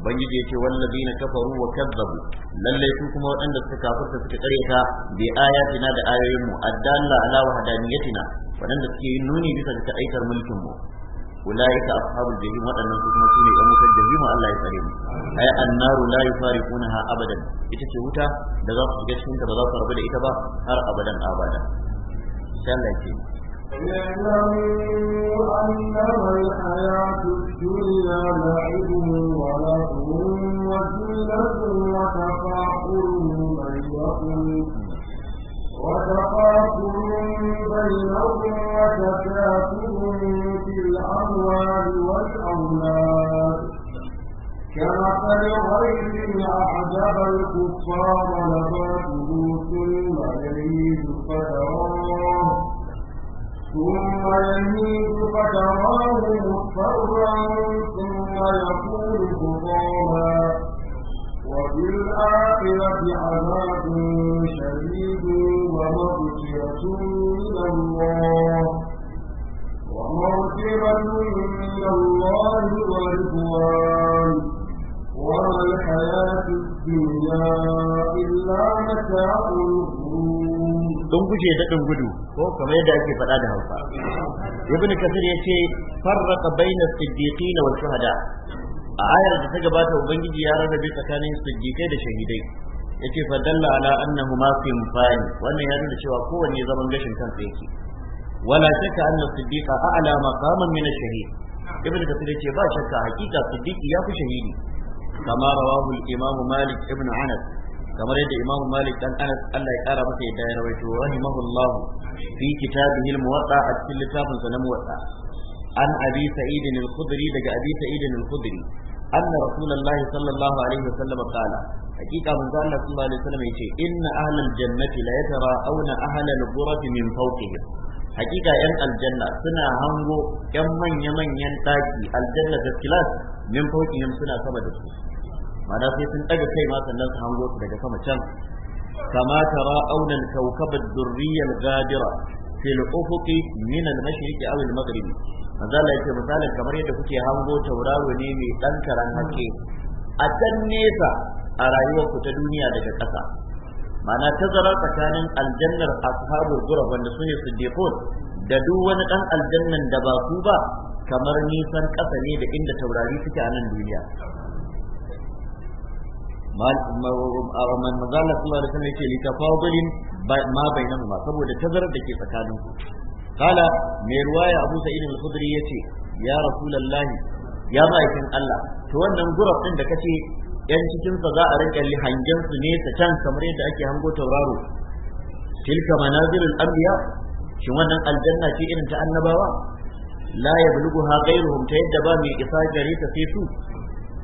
ubangiji na wallazina kafaru wa kazzabu lalle su kuma waɗanda suka kafirta suka karyata bi ayatina da ayoyin mu addalla ala wahdaniyatina waɗanda suke yin nuni bisa ga aitar mulkin mu ulaika ashabul jahim waɗannan su kuma sune ɗan wutar jahima Allah ya tsare mu ai annaru la yufariqunaha abadan ita ce wuta da za ku shiga cikin ta ba za su rabu da ita ba har abadan abada sai Allah ya ce أنما الحياة الدنيا لعب ولهو وزينة وتفاخر بينكم وتقاكم بينهم وتكاثر في الأموال والأولاد كمثل غير أعجب الكفار نباته ثم يهيج فتراه ثم يميز فتراه مصفرا ثم يقول حطاما وفي الآخرة عذاب شديد ومغفرة من الله ومغفرة من الله ورضوان وما الحياة الدنيا إلا متاع don guje daɗin gudu ko kamar yadda ake faɗa da hausa ibn kasir ya ce farraka bayna siddiqina wal shuhada a ayar da ta gabata ubangiji ya rarrabe tsakanin siddiqai da shahidai yace fa dalla ala annahu ma fi wannan ya nuna cewa kowanne zaman gashin kansa yake wala shakka anna siddiqa a'la maqaman min ash-shahid ibn kathir yace ba shakka hakika siddiqi ya fi shahidi kama rawahu al-imam malik ibn anas kamar yadda imam malik dan anas Allah ya kara masa yadda ya rawaito rahimahullah fi kitabihi al-muwatta a cikin littafin sa na muwatta an abi sa'id al-khudri daga abi sa'id al-khudri anna rasulullahi sallallahu alaihi wasallam qala hakika manzo Allah sallallahu alaihi wasallam yace inna ahlal jannati la yatara'una ahlal ghurati min fawqihim hakika yan aljanna suna hango yan manya manyan daki aljanna da kilas min fawqihim suna sama da su ma'ana sai sun daga kai ma sannan su hango su daga sama can kama tara'una al-kawkab ad-durriyya في الأفق من المشرق أو المغرب manzo Allah yake misalin kamar yadda kuke hango tauraro ne mai dan karan hake a can nesa a rayuwar ku ta duniya daga ƙasa ma'ana tazara tsakanin aljannar ashabul ghurab wanda sune siddiqun da duk wani dan aljannan da ba ku ba kamar nisan ƙasa ne da inda taurari suke a nan duniya man mazala sallallahu alaihi wasallam yake litafadulin ma bainahuma saboda tazarar da ke tsakanin ku kala mai ruwaya abu sa'id al-khudri yace ya lallahi, ya aikin Allah to wannan gurab din da ce yan cikin sa za a rike hangen su ne ta can kamar yadda ake hango tauraro tilka manazirul anbiya shin wannan aljanna ce irin ta annabawa la yablughuha ghayruhum ta yadda ba mai isa gare ta sai su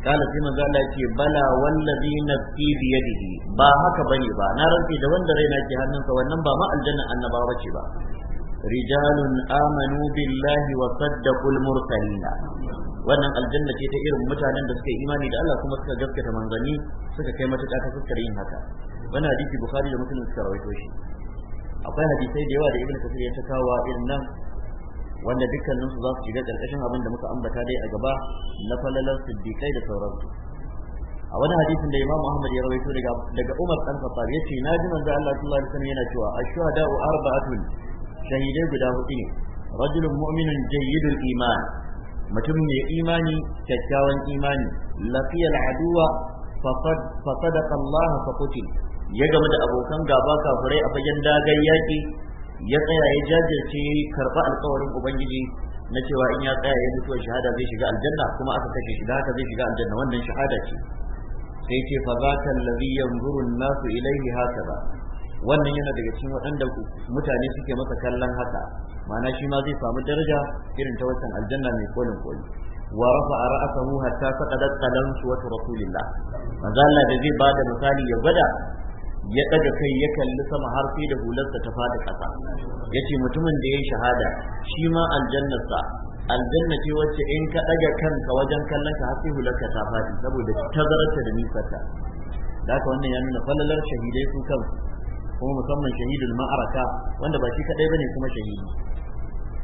kala sai manzo Allah ce bala wallazi nafsi bi yadihi ba haka bane ba na rantsi da wanda raina ke hannunsa wannan ba ma aljanna annabawa ce ba رجال آمنوا بالله وصدقوا المرسلين wannan aljanna ce ta irin mutanen da suka yi imani da Allah kuma suka gaskata manzanni suka kai matuƙa ta fuskar yin haka wannan hadisi bukhari da muslim suka rawaito shi akwai hadisai da yawa da ibnu kasir ya takawa irin nan wanda dukkanin su za su shiga karkashin abin da muka ambata dai a gaba na falalar siddiqai da sauransu a wani hadisin da imamu ahmad ya rawaito daga daga umar dan khattab yace ji manzo Allah sallallahu alaihi wasallam yana cewa ash-shuhada arba'atun shahidai guda hudu ne rajulun muminin jayyidul iman mutum mai imani kyakkyawan imani Lafiyar aduwa fa sadaqa Allah fa ya game da abokan gaba kafurai a fagen dagar yaki ya tsaya ya jajirce karba alƙawarin ubangiji na cewa in ya tsaya ya mutuwa shahada zai shiga aljanna kuma aka kashe shi haka zai shiga aljanna wannan shahada ce sai ce fa zaka allazi yanzuru an-nasu ilayhi hakaza wannan yana daga cikin waɗanda mutane suke masa kallon haka ma'ana shi ma zai samu daraja irin ta wancan aljanna mai kolin koli wa rafa'a ra'sahu hatta saqadat qalamsu wa rasulillah manzo Allah da zai bada misali ya gwada ya daga kai ya kalli sama har sai da hularsa ta fada ƙasa yace mutumin da ya yi shahada shi ma aljannarsa aljanna ce wacce in ka ɗaga kanka wajen kallon ka har sai hularka ta fadi saboda tazararta da nisarta da haka wannan ya nuna falalar shahidai su kansu kuma musamman shahidul ma'araka wanda ba shi kadai bane kuma shahidi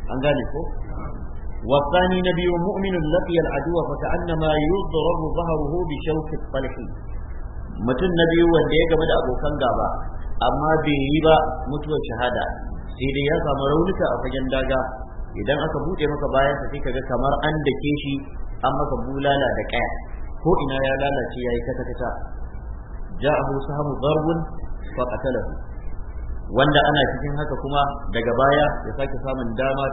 an gane ko والثاني lafiyar addu'a, لقي العدو فكأنما يضرب ظهره بشوك الطلح mutum na biyu wanda ya game da abokan gaba amma bai yi ba mutuwar shahada sai dai ya samu raunuka a fagen daga idan aka buɗe maka bayan sai kaga kamar an dake shi an maka bulala da kaya ko ina ya lalace yayi kata kata ja'ahu sahamu darbun fa wanda ana cikin haka kuma daga baya ya sake samun dama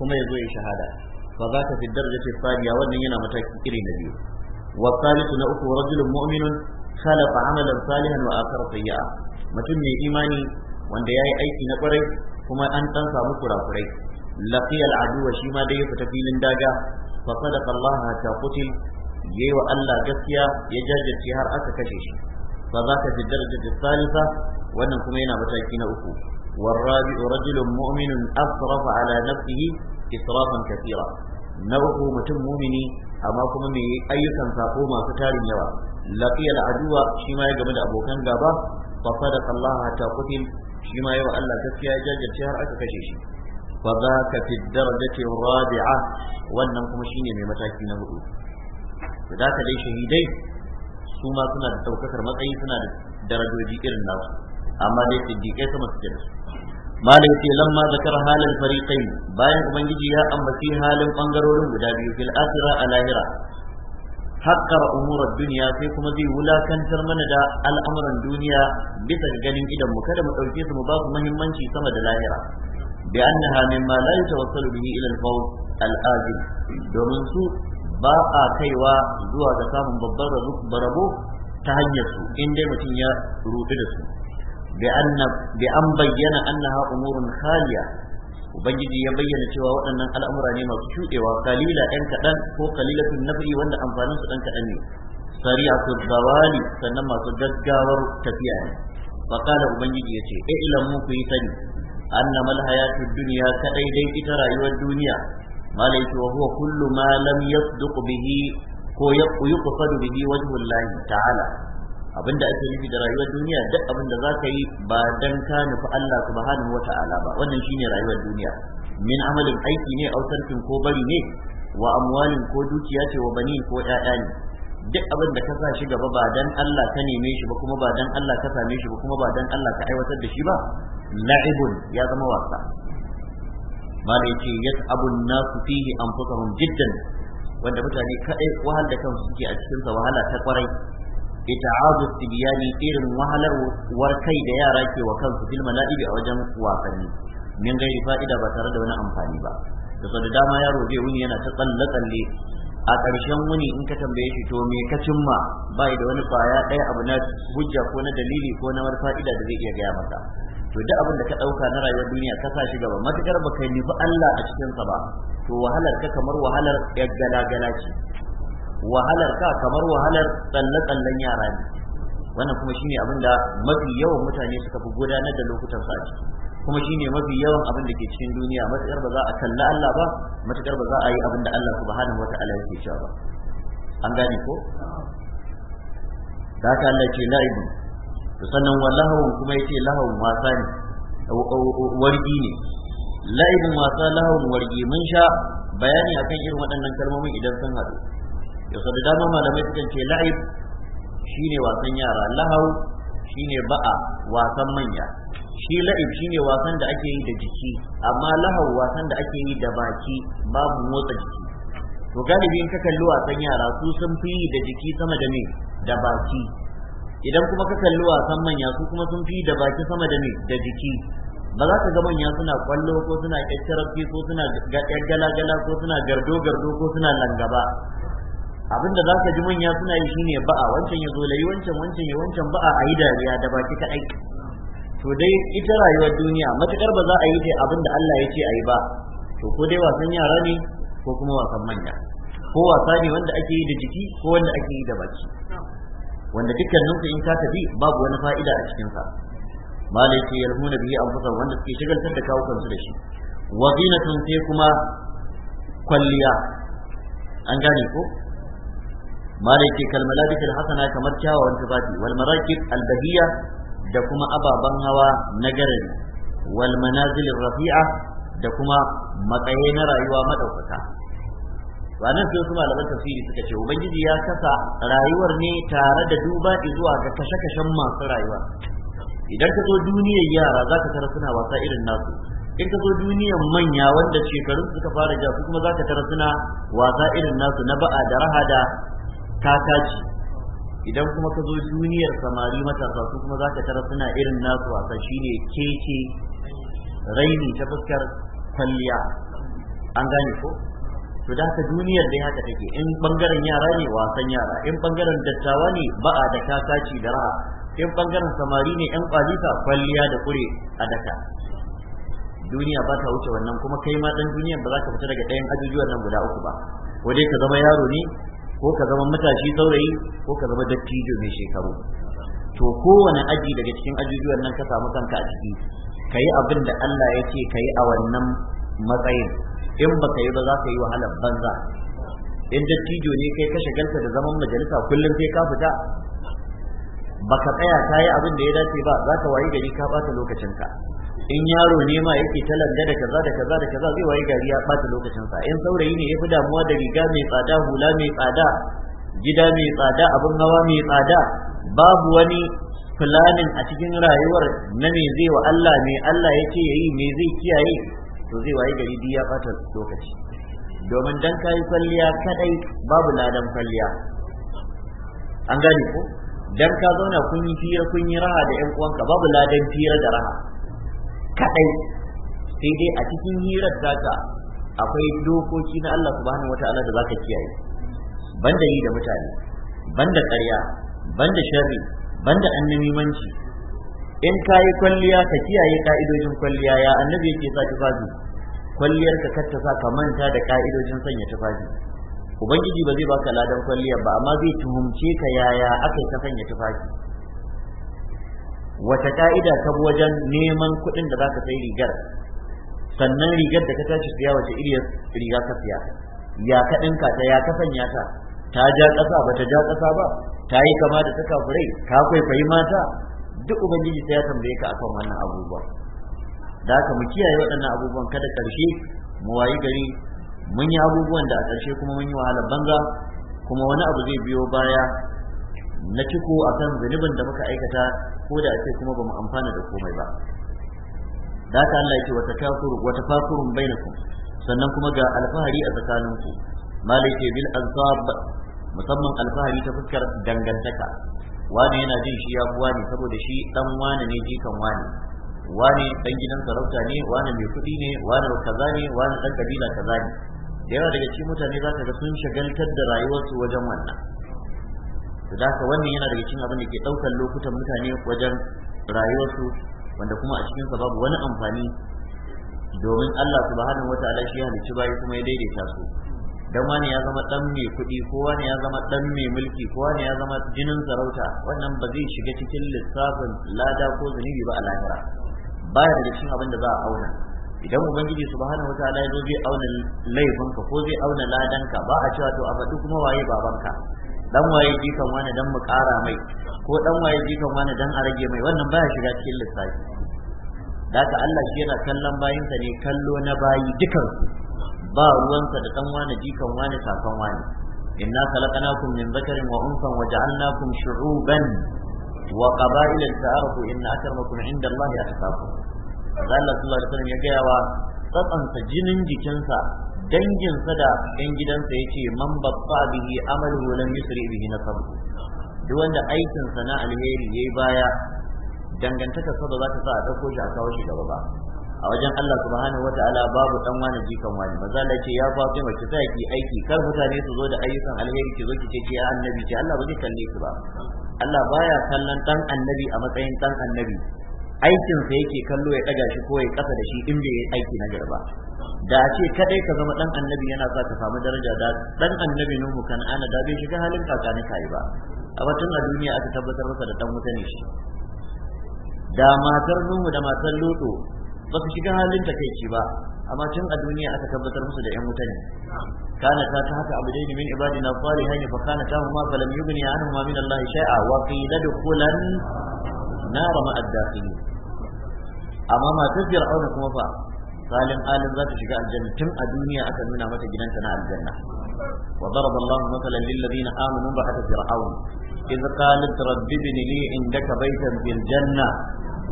kuma ya zo ya shahada fa za ka fi ce thaniya wannan yana mataki iri na biyu wa thalithu na uku rajulun mu'minun khalaqa amalan salihan wa akhara sayyi'a mutum mai imani wanda yayi aiki na kwarai kuma an dan samu kurakurai laqiya al'adu wa shi ma dai ya fita filin daga fa sadaqa Allah ta qutil yayi wa Allah gaskiya ya jajirce har aka kashe shi fa zaka fi darajati salisa wannan kuma yana mataki na uku والرابع رجل مؤمن أسرف على نفسه إسرافا كثيرا نوه متم مؤمني أما كما مي أي كان ساقو ما ستار يوا لقي العدو شما يقبل أبو كان غابا فصدق الله حتى قتل شما يوا ألا تسكي جاجة شهر أكا كشيشي فذاك في الدرجة الرابعة وأنكم شيني من متاكين هدو فذاك لي شهيدين su ma suna da saukakar matsayi suna da darajoji irin nawa amma dai siddiqai sama suke da su malam ce lamma zakar halin fariqain bayan ubangiji ya ambaci halin bangarorin guda biyu fil asira a lahira haqqar umurar duniya sai kuma zai wulakantar mana da al'amuran duniya bisa ga ganin idan mu kada mu dauke su mu ba su muhimmanci sama da lahira bi annaha mimma la yatawassalu bihi ila al-fawz al-ajil domin su ba a kaiwa zuwa ga samun babban rabo ta hanyar su in dai mutum ya rufe da su bi an bayyana annaha umurun khaliya ubangiji ya bayyana cewa waɗannan al'amura ne masu shuɗewa kalila ɗan kaɗan ko kalilatun nafi wanda amfanin su ɗan kaɗan ne sari'atu zawali sannan masu gaggawar tafiya ne faqala ubangiji yace e ilan mu ku yi sani anna mal hayatud dunya kadai dai ita rayuwar duniya malai ce wa huwa kullu ma lam yasduq bihi ko yuqsad bihi wajhu Allah ta'ala abinda ake nufi da rayuwar duniya duk abinda za zaka yi ba dan ka nufi Allah subhanahu wa ta'ala ba wannan shine rayuwar duniya min amalin aiki ne autarkin ko bari ne wa amwalin ko dukiya ce wa bani ko ƴaƴa ne duk abin da ka sa shi gaba ba dan Allah ka neme shi ba kuma ba dan Allah ka same shi ba kuma ba dan Allah ka aiwatar da shi ba la'ibun ya zama wasa mala yace yas'abu an-nasu fihi anfusuhum jiddan wanda mutane kaɗai wahal da kansu suke a cikin sa wahala ta kwarai biya tibiyani irin wahalar kai da yara ke wa kansu filma mala'ibi a wajen wasanni min gairi fa'ida ba tare da wani amfani ba da sau da dama yaro zai wuni yana ta tsalle tsalle a ƙarshen wuni in ka tambaye shi to me ka cimma ba da wani kwaya ɗaya abu na hujja ko na dalili ko na wani fa'ida da zai iya gaya maka to duk abin da ka dauka na rayuwar duniya ka sa shi gaba matukar baka nufi Allah a cikin sa ba to wahalar ka kamar wahalar yar galagala ce wahalar ka kamar wahalar tsalle tsallen yara ne wannan kuma shine abin da mafi yawan mutane suka fi gudanar da lokutan sa ciki kuma shine mafi yawan abin da ke cikin duniya matukar ba za a kalla Allah ba matukar ba za a yi abin da Allah subhanahu wataala yake cewa ba an gane ko da ka Allah ce la'ibu sannan wa lahawun kuma yace lahawun wasa ne wargi ne la'ibun wasa lahawun wargi mun sha bayani akan irin waɗannan kalmomin idan sun haɗu yau da dama malamai sukan ce la'ib shine wasan yara lahaw shine ba'a wasan manya shi la'ib shine wasan da ake yi da jiki amma lahaw wasan da ake yi da baki babu motsa jiki to galibi in ka kalli wasan yara su sun fi yi da jiki sama da ne da baki idan kuma ka kalli wasan manya su kuma sun fi da baki sama da da jiki ba za ka ga manya suna kwallo ko suna kyakkyarafi ko suna gala-gala ko suna gardo-gardo ko suna Abin abinda za ka ji manya suna yi shine ba'a wancan ya zolayi wancan wancan ya wancan ba'a a yi dariya da baki kaɗai to dai ita rayuwar duniya matukar ba za a yi ta abin da Allah ya ce a yi ba to ko dai wasan yara ne ko kuma wasan manya ko wasa ne wanda ake yi da jiki ko wanda ake yi da baki wanda dukkanin dukkaninsu in ka tafi babu wani fa'ida a cikinsa malai ce yalmuna bihi anfusa wanda suke shagaltar da kawukan su da shi wa zinatun sai kuma kwalliya an gane ko malai ce kal malabisul hasana kamar kyawawan tufafi wal marakib al bahiyya da kuma ababan hawa na garin wal manazil rafi'a da kuma matsayi na rayuwa madaukaka Wannan sai wasu malaman tafsiri suka ce ubangiji ya kasa rayuwar ne tare da duba zuwa ga kashe-kashen masu rayuwa idan ka zo duniyar yara za ka tara suna wasa irin nasu in ka zo duniyar manya wanda shekarun suka fara ja su kuma za ka tara suna wasa irin nasu na ba'a da raha da kakaci idan kuma ka zo duniyar samari matasa su kuma za ka tara suna irin nasu wasa shine keke raini ta fuskar kwalliya an gane ko to da haka duniyar dai haka take in bangaren yara ne wasan yara in bangaren dattawa ne ba'a da kasaci da raha in bangaren samari ne yan kwalita kwalliya da kure a daka duniya ba ta wuce wannan kuma kai ma dan duniyar ba za ka fita daga ɗayan ajujuwan nan guda uku ba ko dai ka zama yaro ne ko ka zama matashi saurayi ko ka zama dattijo mai shekaru to kowane aji daga cikin ajujuwan nan ka samu kanka a ciki ka yi abin da Allah ya ce ka yi a wannan matsayin in baka yi ba za ka yi wahalar banza in dattijo ne kai kashe shagalta da zaman majalisa kullum sai ka fita baka tsaya ka yi abin da ya dace ba za ka wayi gari ka bata lokacinka in yaro ne ma yake ta langa da kaza da kaza da kaza zai wayi gari ya bata lokacinsa in saurayi ne ya fi damuwa da riga mai tsada hula mai tsada gida mai tsada abin hawa mai tsada babu wani planning a cikin rayuwar na me zai wa Allah me Allah ya ce yayi me zai kiyaye to zai waye gari biya ya lokaci domin dan kayi kwalliya kadai babu ladan kwalliya an gane ko dan ka zauna kun yi fira kun yi raha da yan uwanka babu ladan fira da raha kadai sai dai a cikin hirar zaka akwai dokoki na Allah subhanahu wataala da zaka kiyaye banda yi da mutane banda ƙarya banda sharri banda annamimanci in ka yi kwalliya ka kiyaye ka'idojin kwalliya ya annabi yake sa tufafi kwalliyar ka kar ta sa ka manta da ka'idojin sanya tufafi ubangiji ba zai baka ladan kwalliyar ba amma zai tuhumce ka yaya aka ka sanya tufafi wata ka'ida ta wajen neman kuɗin da zaka sai rigar sannan rigar da ka tashi siya wace iri riga ka siya ya ka ɗinka ta ya ka sanya ta ta ja ƙasa ba ta ja ƙasa ba ta yi kama da ta kafurai ka kwaikwayi mata duk ubangiji sai ya tambaye ka akan wannan abubuwa da ka mu kiyaye waɗannan abubuwan kada ƙarshe mu wayi gari mun yi abubuwan da a ƙarshe kuma mun yi wahalar banza kuma wani abu zai biyo baya na ciko akan zunubin da muka aikata ko da ake kuma bamu amfana da komai ba da ka Allah yake wata kafuru wata fakurun bainakum sannan kuma ga alfahari a tsakaninku ku ke bil ansab musamman alfahari ta fuskar dangantaka wani yana jin shi ya wani saboda shi dan wani ne jikan wani wani dan gidan sarauta ne wani mai kuɗi ne wani kaza ne wani dan kabila kaza ne da yawa daga cikin mutane za ka ga sun shagaltar da rayuwarsu wajen wannan to da wannan yana daga cikin abin da ke ɗaukar lokutan mutane wajen rayuwarsu wanda kuma a cikin sa babu wani amfani domin Allah subhanahu wataala shi ya halicci bayi kuma ya daidaita su dan wani ya zama dan mai kuɗi ko wani ya zama dan mai mulki ko wani ya zama jinin sarauta wannan ba zai shiga cikin lissafin lada ko zunubi ba a lahira baya da cikin abin da za a auna idan ubangiji subhanahu wataala ya zo zai auna laifinka ko zai auna ladanka ba a cewa to a faɗi kuma waye babanka dan waye jikan wani dan mu ƙara mai ko dan waye jikan wani dan a rage mai wannan baya shiga cikin lissafi da Allah shi yana kallon bayinsa ne kallo na bayi dukansu ba ruwansa da dan wani jikan wani kakan wani inna khalaqnakum min dhakarin wa unsa wa ja'alnakum shu'uban wa qaba'ila ta'arafu inna akramakum 'inda Allahi atqakum Allah sallallahu alaihi wasallam ya gaya wa tsatsansa jinin jikinsa danginsa da dan gidansa yace man batta bihi amalu lam yusri bihi nasab duk wanda aikinsa na alheri yayi baya dangantaka sa ba za ta sa a dauko shi a kawo shi gaba ba a wajen Allah subhanahu wataala babu dan wani jikan wani maza Allah ce ya fafi mace sai ki aiki kar mutane su zo da ayyukan alheri ki zo ki ce ya annabi ce Allah ba zai kalle ki ba Allah baya kallon dan annabi a matsayin dan annabi aikin sa yake kallo ya daga shi ko ya kasa da shi in bai aiki na garba da a ce kadai ka zama dan annabi yana sa ka samu daraja da dan annabi nuhu kan ana da bai shiga halin kakani kai ba a batun a duniya aka tabbatar masa da dan wuta ne shi da matar nuhu da matar lutu ba su shiga halin ta takaici ba amma tun a duniya aka tabbatar musu da yan wuta ne kana ta ta haka abdain min ibadina salihin fa kana ta huma falam yughni anhuma min Allah shay'a wa qila dukulan nar ma ad-dakhil amma matar fir'auna kuma fa salim alim za ta shiga aljanna tun a duniya aka nuna mata gidanta na aljanna wa daraba Allah mathalan lil ladina amanu ba'da fir'aun إذ قالت رب ابن لي عندك بيتا في الجنة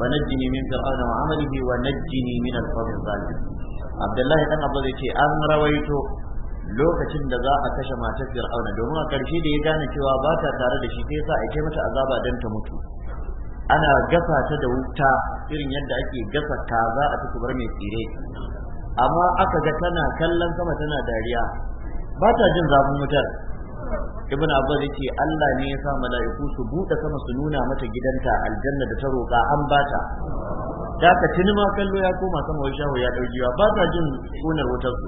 ونجني من فرعون وعمله ونجني من القوم الظالمين عبد الله بن عباس yace an rawaito lokacin da za a kashe matar fir'auna domin a karshe da ya gane cewa ba ta tare da shi sai sa ake mata azaba dan ta mutu ana gasa ta da wuta irin yadda ake gasa kaza a tukubar mai tsire amma aka ga tana kallon sama tana dariya ba ta jin zafin wutar ibn abbas yace Allah ne ya sa mala'iku su bude sama su nuna mata gidanta aljanna da ta roƙa an bata da ka tuni ma kallo ya koma sama wai shaho ya daujiwa ba ta jin sunar wutar su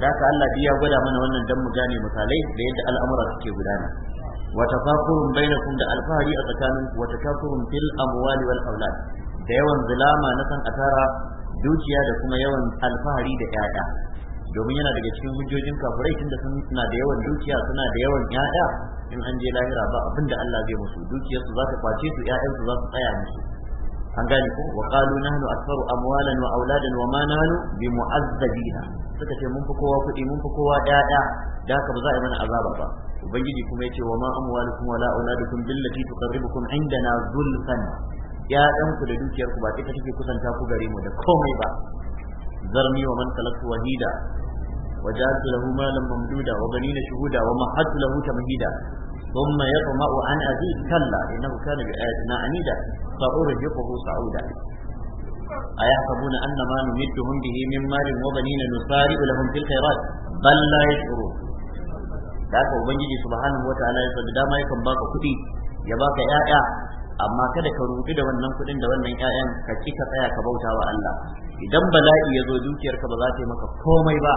da ka Allah ya gwada mana wannan dan mu gane misalai da yadda al'amura suke gudana wa tafakurun bainakum da alfahari a tsakanin wa tafakurun fil amwali wal aulad da yawan zulama na san asara, dukiya da kuma yawan alfahari da 'ya'ya. domin yana daga cikin hujjojin kafirai tunda suna da yawan dukiya suna da yawan ƴaƴa in an je lahira ba abin da Allah zai musu dukiyarsu za ta kwace su ƴaƴansu za su tsaya musu an gane ko wa qalu nahnu aktharu amwalan wa auladan wa ma nahnu bi mu'azzabina suka ce mun fi kowa kuɗi mun fi kowa ɗaɗa, da haka ba za a yi mana azaba ba ubangiji kuma yace wa ma amwalukum wa la auladukum billati tuqarribukum indana zulfan ku da dukiyarku ba ita take kusanta ku gare mu da komai ba zarni wa man talatu wahida وجعلت له مالا ممدودا وبنين شهودا ومهدت له تمهيدا ثم يطمع عن أبي كلا إنه كان بآياتنا عنيدا سأرهقه صعودا أيحسبون أن ما نمدهم به من مال وبنين نسارع لهم في الخيرات بل لا يشعرون haka ubangiji subhanahu ta'ala ya sanda dama yakan baka kuɗi ya baka 'ya'ya? amma kada ka rubi da wannan kuɗin da wannan 'ya'yan, ka ci ka tsaya ka bauta wa Allah idan bala'i ya zo dukiyarka ba za ta yi maka komai ba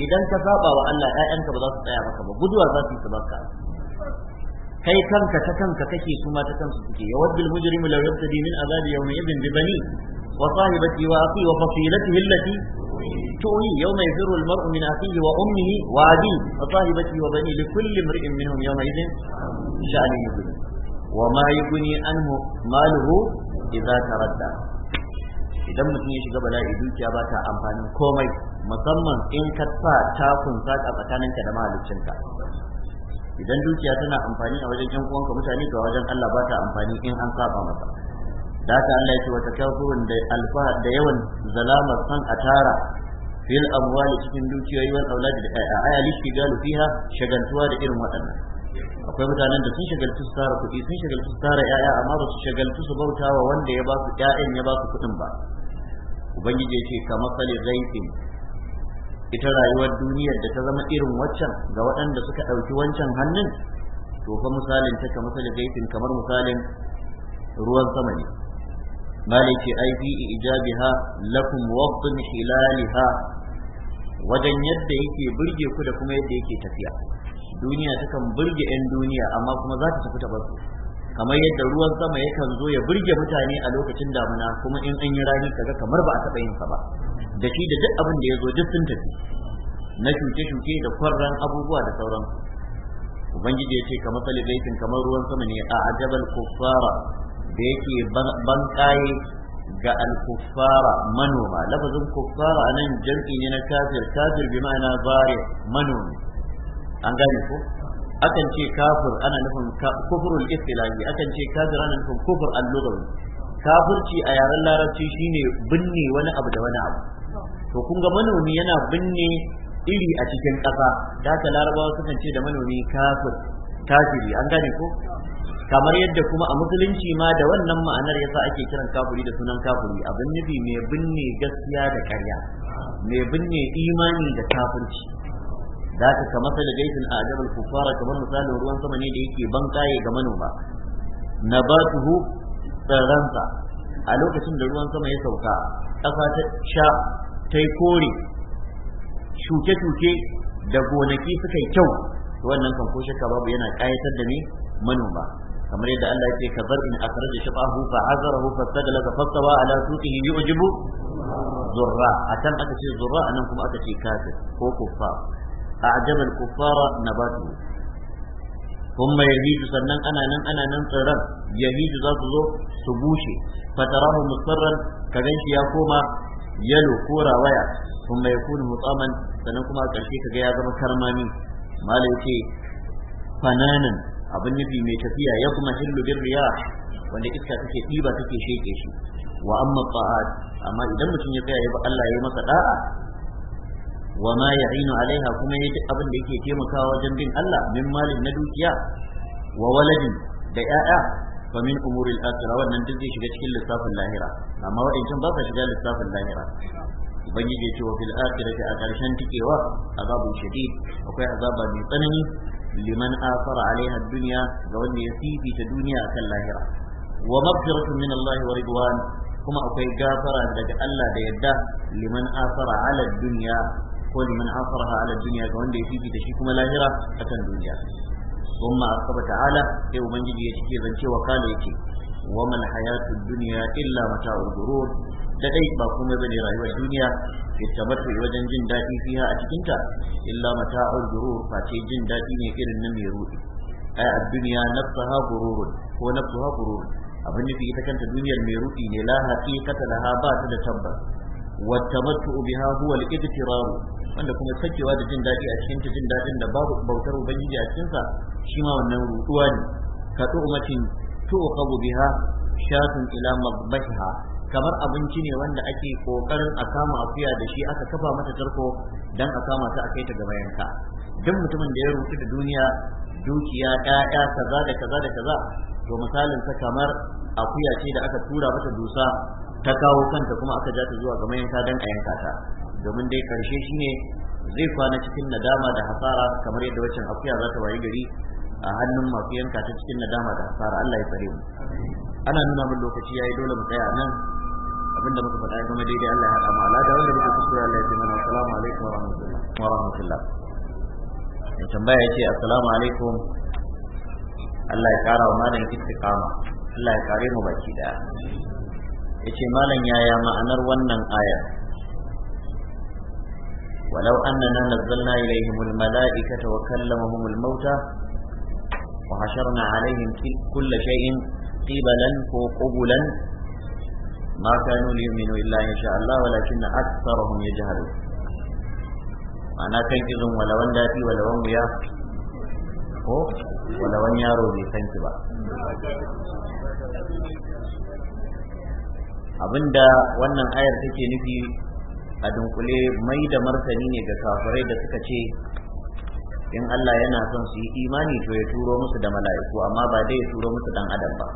idan ka saba wa Allah ƴaƴanka ba za su tsaya maka ba guduwa za su yi su baka kai kanka ta kanka kake su ma ta kansu suke ya waddil mujrimu law yabtadi min azabi yawmi idhin bi bani wa sahibati wa akhi wa fasilatihi allati tuwi yawma yafirru al-mar'u min akhihi wa ummihi wa abi wa sahibati wa bani li kulli imrin minhum yawma idhin sha'ani yughni wa ma yughni anhu maluhu idza taradda idan mutum ya shiga bala'i dukiya ba ta amfanin komai musamman in ka sa takun tsakanin tsakaninka da mahaliccinka idan dukiya tana amfani a wajen yan uwanka mutane ga wajen Allah ba ta amfani in an saba masa da ka Allah ya ce wata kafurun da alfa da yawan zalamar san a tara fil amwali cikin dukiyoyi wal auladi da ayya aya galu fiha shagaltuwa da irin waɗannan akwai mutanen da sun shagaltu su tara kuɗi sun shagaltu su tara 'ya'ya amma ba su shagaltu su bauta wa wanda ya ba su 'ya'yan ya ba su kuɗin ba ubangiji ce ka masalin raifin ita rayuwar duniyar da ta zama irin waccan ga waɗanda suka ɗauki wancan hannun to fa misalin ta ka masalin raifin kamar misalin ruwan sama ne malike ce ai fi ijabiha lakum waqtun hilaliha wajen yadda yake burge ku da kuma yadda yake tafiya duniya takan burge 'yan duniya amma kuma za ta tafi ta barku kamar yadda ruwan sama yakan zo ya burge mutane a lokacin damuna kuma in an yi rani kaga kamar ba a taɓa yin sa ba da shi da duk abin da ya zo duk sun tafi na shuke-shuke da kwarran abubuwa da sauran ubangiji ya ce kamar salibaitin kamar ruwan sama ne a ajabal kuffara da yake ban ga al-kuffara manoma lafazin kuffara nan jam'i ne na kafir kafir bi ma'ana bari manomi an gane ko akan ce kafir ana nufin kufrul istilahi akan ce kafir ana nufin kufur al-lughawi kafirci a yaren larabci shine binne wani abu da wani abu to kun ga manomi yana binne iri a cikin ƙasa da haka larabawa sukan ce da manomi kafir kafiri an gane ko kamar yadda kuma a musulunci ma da wannan ma'anar yasa ake kiran kafiri da sunan kafiri abin nufi mai binne gaskiya da ƙarya mai binne imani da kafirci ذاك كمثل جيش أعجب الكفار كمان مثال وروان سمني ديكي بنكاي كمانو با نباته tsirransa a lokacin da ruwan sama ya sauka ƙasa ta sha ta kore shuke-shuke da gonaki suka yi kyau wannan kan ko shakka babu yana ƙayatar da ni manoma kamar yadda Allah ya ce ka zar in akar da shafahu fa azarahu fastagala ka fastawa ala suqihi yujibu zurra a can aka ce zurra anan kuma aka ce kafir ko kuffar أعجب الكفار نباته ثم يهيج سنن أنا نن أنا نن tsiran يهيج ذات zo su bushe fatarahu musarran ka ganshi ya koma yalo ko rawaya kuma ya kunu mutsaman sannan kuma a ƙarshe kaga ya zama karmami malai yake fananan abin nufi mai tafiya ya kuma hillu bin riya wanda iska take ɗiba take sheke shi wa amma ta'at amma idan mutum ya tsaya ya bi Allah ya masa da'a wa ma ya'inu alaiha kuma yayi duk abin da yake taimakawa wajen bin Allah min malin na dukiya wa waladin da ƴaƴa fa min umuril akhirah wannan duk zai shiga cikin lissafin lahira amma wadancan ba sa shiga lissafin lahira ubangiji ce wa fil akhirati a karshen tikewa azabun shadid akwai azaba mai tsanani liman afara alaiha duniya ga wanda ya fifita duniya akan lahira wa maghfiratun min Allah wa kuma akwai gafara daga Allah da yadda liman afara ala duniya. ko liman asaraha ala duniya ga wanda ya da shi kuma lahira akan duniya kuma asaba ta'ala sai ubangiji ya cike zance wa kala yake wa man hayatud dunya illa mata'ul ghurur da dai ba kuma bane rayuwar duniya fi tamattu wajen jin daɗi fiha a cikin ta illa mata'ul ghurur ce jin daɗi ne irin nan mai ruɗi ai a duniya nafsaha ghururun ko nafsaha ghururun abin nufi ita kanta duniyar mai ruɗi ne la haqiqata laha ba ta da tabbas والتمتع بها biha huwa al كما wanda kuma sakewa da jin dadi a cikin jin dadin da babu bautar ubangiji a cikin sa shi ma wannan rutuwa ne ka to umatin to qabu biha shatun ila mabbaha kamar abinci ne wanda ake kokarin a kama akuya da shi aka kafa mata tarko dan a kama ta a ta gaba ka. duk mutumin da ya rutu da duniya dukiya ɗaya kaza da kaza da kaza to misalin sa kamar akuya ce da aka tura mata dusa ta kawo kanta kuma aka ja ta zuwa ga mayanka dan a yanka ta domin dai karshe ne zai kwana cikin nadama da hasara kamar yadda waccan akuya za ta wayi gari a hannun masu yanka ta cikin nadama da hasara Allah ya tsare mu ana nuna min lokaci yayi dole mu tsaya nan abinda muka faɗa ya zama daidai Allah ya haɗa mu Da wanda muka kusa Allah ya ce mana assalamu alaikum wa rahmatullah Ya tambaya ya ce assalamu alaikum Allah ya ƙara wa malam istiqama Allah ya kare mu baki daya yace malam yaya ma'anar wannan aya ولو أننا نزلنا إليهم الملائكة وكلمهم الموتى وحشرنا عليهم كل شيء قبلا وقبلا ما كانوا ليؤمنوا إلا إن شاء الله ولكن أكثرهم يجهلون ma'ana kan izin walawan dafi walawan wuya ko walawan yaro bai san ki ba abinda wannan ayar take nufi a dunkule mai da martani ne ga kafirai da suka ce in Allah yana son su yi imani to ya turo musu da mala'iku amma ba dai ya turo musu dan adam ba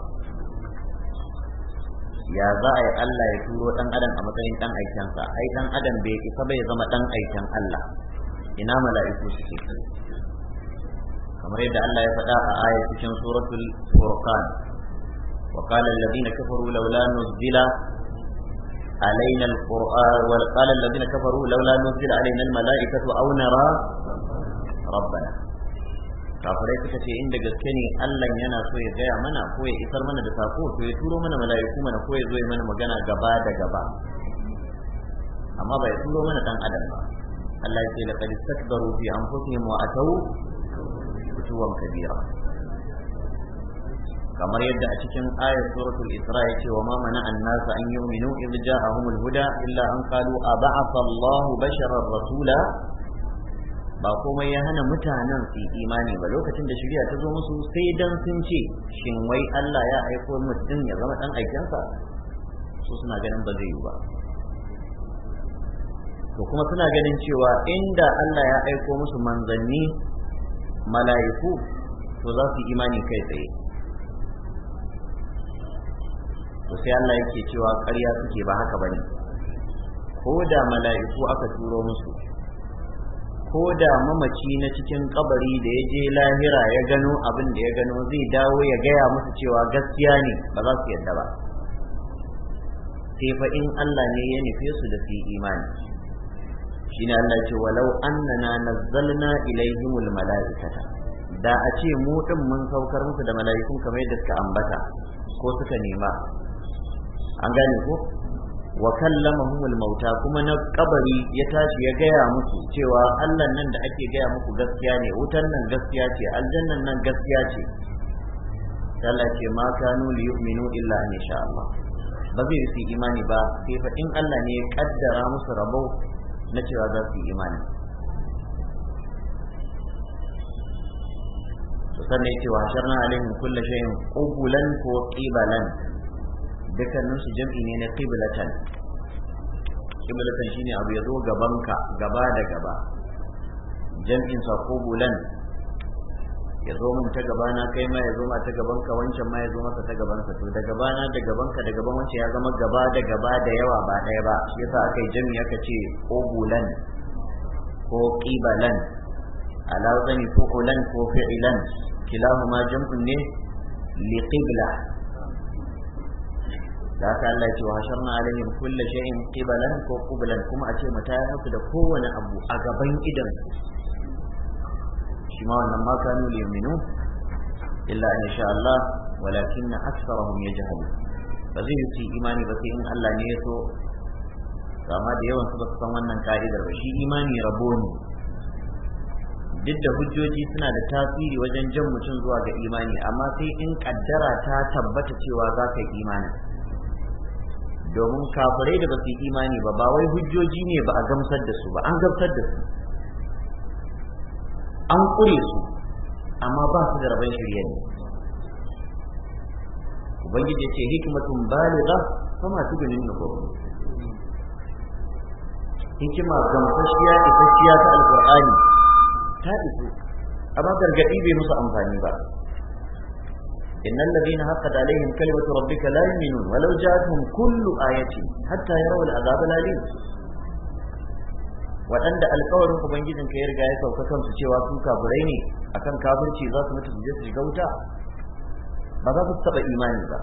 ya za a yi Allah ya turo dan adam a matsayin dan aikensa ai dan adam bai isa bai zama dan aiken Allah ina mala'iku suke kamar yadda Allah ya faɗa a aya cikin suratul furqan وقال الذين كفروا لولا نزل علينا القرآن وقال الذين كفروا لولا نزل علينا الملائكة أو نرى ربنا kafirai suka ce inda gaske ne Allah yana so ya gaya mana ko ya isar mana da sako to ya turo mana mala'iku mana ko ya zo ya mana magana gaba da gaba amma bai turo mana dan adam ba Allah ya ce laqad istakbaru fi anfusihim wa ataw kutuwan kabira kamar yadda a cikin ayar suratul isra ya ce wa ma mana annas an yu'minu id ja'ahumul huda illa an qalu ab'atha Allahu basharar rasula ba komai ya hana mutanen su imani ba lokacin da shari'a ta zo musu sai dan sun ce shin wai Allah ya aiko mutum ya zama dan su suna ganin ba zai yi ba to kuma suna ganin cewa inda Allah ya aiko musu manzanni mala'iku to za su imani kai tsaye to sai Allah yake cewa ƙarya suke ba haka bane ko da mala'iku aka turo musu ko da mamaci na cikin kabari da ya je lahira ya gano abin da ya gano zai dawo ya gaya musu cewa gaskiya ne ba za su yadda ba sai fa in Allah ne ya nufe su da su imani shine Allah ce walau annana nazzalna ilaihimul mala'ikata da a ce mu din mun saukar musu da mala'ikun kamar yadda suka ambata ko suka nema an gane ko wa kallama humul mauta kuma na kabari ya tashi ya gaya musu cewa Allah nan da ake gaya muku gaskiya ne wutan nan gaskiya ce aljannan nan gaskiya ce Allah ce ma kanu li yu'minu illa an sha Allah ba zai yi imani ba sai fa in Allah ne ya kaddara musu rabo na cewa za su imani to sannan yace wa sharna alaihim kullu shay'in qubulan ko qibalan dukkanin su jam'i ne na qiblatan qiblatan shine abu ya zo gabanka gaba da gaba jam'in sa ko bulan ya zo mun ta gabana kai ma ya zo ma ta gabanka wancan ma ya zo masa ta gabansa to da gabana da gabanka da gaban wance ya zama gaba da gaba da yawa ba ɗaya ba shi yasa aka yi jami aka ce ko bulan ko qibalan ala zani ko ko fi'ilan kilahuma jam'un ne li qibla da haka Allah ce wa hasharna alaihim kullu shay'in ko qublan kuma a ce mata ya haku da kowane abu a gaban idan shi ma wannan ma kanu liyaminu illa an sha Allah walakin aktharuhum yajhalu ba zai yi imani ba sai in Allah ne ya so amma da yawan su ba su san wannan ka'idar ba shi imani rabo ne duk da hujjoji suna da tasiri wajen jan mutum zuwa ga imani amma sai in kaddara ta tabbata cewa za ka yi imani domin kafirai da basu imani ba ba wai hujjoji ne ba a gamsar da su ba an gamsar da su an kure su amma ba su da rabon shirya ne ubangiji ce hikmatun su fama tugunin nukum hikima gamsashiya isasshiya ta alqur'ani ta isu amma gargadi bai musu amfani ba إن الذين حقت عليهم كلمة ربك لا يؤمنون ولو جاءتهم كل آية حتى يروا العذاب الأليم waɗanda alkawarin ubangijin ka ya riga ya sauka su cewa su kafirai ne akan kafirci za su mutu su su shiga wuta ba za su taɓa imani ba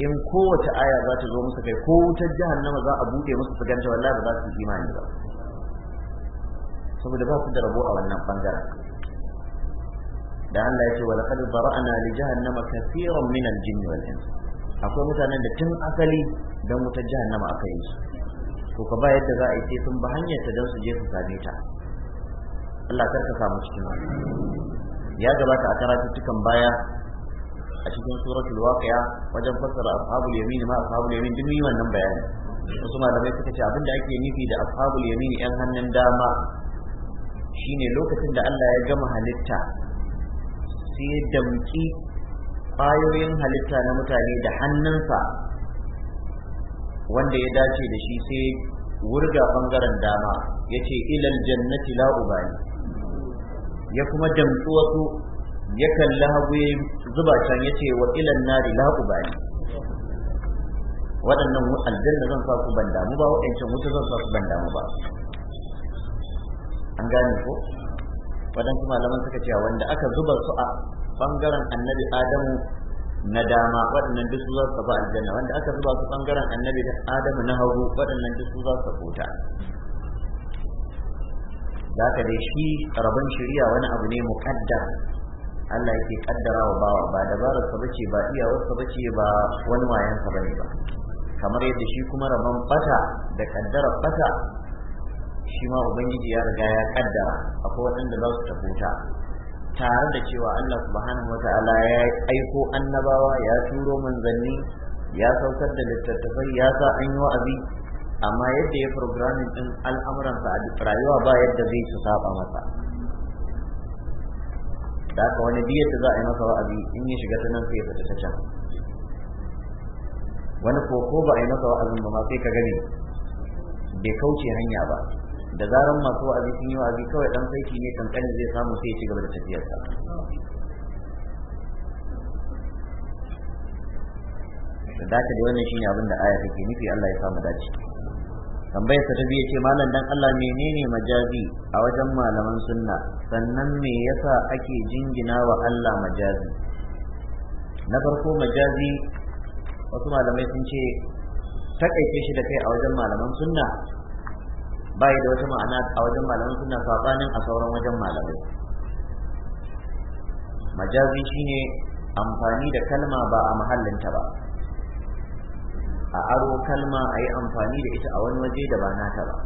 in kowace aya za ta zo musu kai ko wutar jahannama za a buɗe musu su ganta wallahi ba za su imani ba saboda ba su da rabo a wannan bangaren da Allah ya ce wa laqad bara'na li jahannama kaseeran min al-jinn wal ins akwai mutanen da tun asali dan wutar jahannama aka yi ka ba yadda za a yi sai sun ba hanyar ta dan su je su same ta Allah karka samu cikin ya gabata a tukan baya a cikin suratul waqi'a wajen fassara ashabul yamin ma ashabul yamin din yi wannan bayani wasu malamai suka ce abinda ake nufi da ashabul yamin yan hannun dama shine lokacin da Allah ya gama halitta sai ya damki ƙwayoyin halitta na mutane da hannunsa wanda ya dace da shi sai wurga bangaren dama ya ce ilal jannati la ubali ya kuma damtsu wasu ya kalli hagu ya zuba can ya ce wa ilal nari la ubali waɗannan aljanna zan sa ku ban damu ba waɗancan wuta zan sa ku ban damu ba an gane ko waɗansu malaman suka cewa wanda aka zuba su a bangaren annabi adamu na dama waɗannan duk su za su tafi aljanna wanda aka zuba su bangaren annabi da adamu na hagu waɗannan duk su za su tafi za ka dai shi rabon shari'a wani abu ne muƙaddar Allah yake kaddara wa bawa ba dabarar sa bace ba iyawar sa bace ba wani wayan sa bane ba kamar yadda shi kuma rabon fata da kaddara fata shi ma ubangiji ya riga ya kaddara akwai waɗanda za su tafi tare da cewa Allah subhanahu wata'ala ya aiko annabawa ya turo manzanni ya saukar da littattafai ya sa an yi wa'azi amma yadda ya programming din al'amuransa a rayuwa ba yadda zai su saba masa da haka wani biyar da za a yi masa wa'azi in ya shiga ta nan sai ya fita ta can wani ko ba a yi masa wa'azin ba ma sai ka gani bai kauce hanya ba da zaran masu wa'azi sun yi wa'azi kawai dan saiti ne kankanin zai samu sai ya ci gaba da tafiyarsa da dace da wannan shine abin da aya take nufi Allah ya samu dace tambayar ta biyu ce malam dan Allah menene majazi a wajen malaman sunna sannan me yasa ake jingina wa Allah majazi na farko majazi wasu malamai sun ce takaice shi da kai a wajen malaman sunna bai da wata ma'ana a wajen malamai suna sabanin a sauran wajen malamai majazi shine amfani da kalma ba a mahallinta ba a aro kalma a yi amfani da ita a wani waje da ba nata ba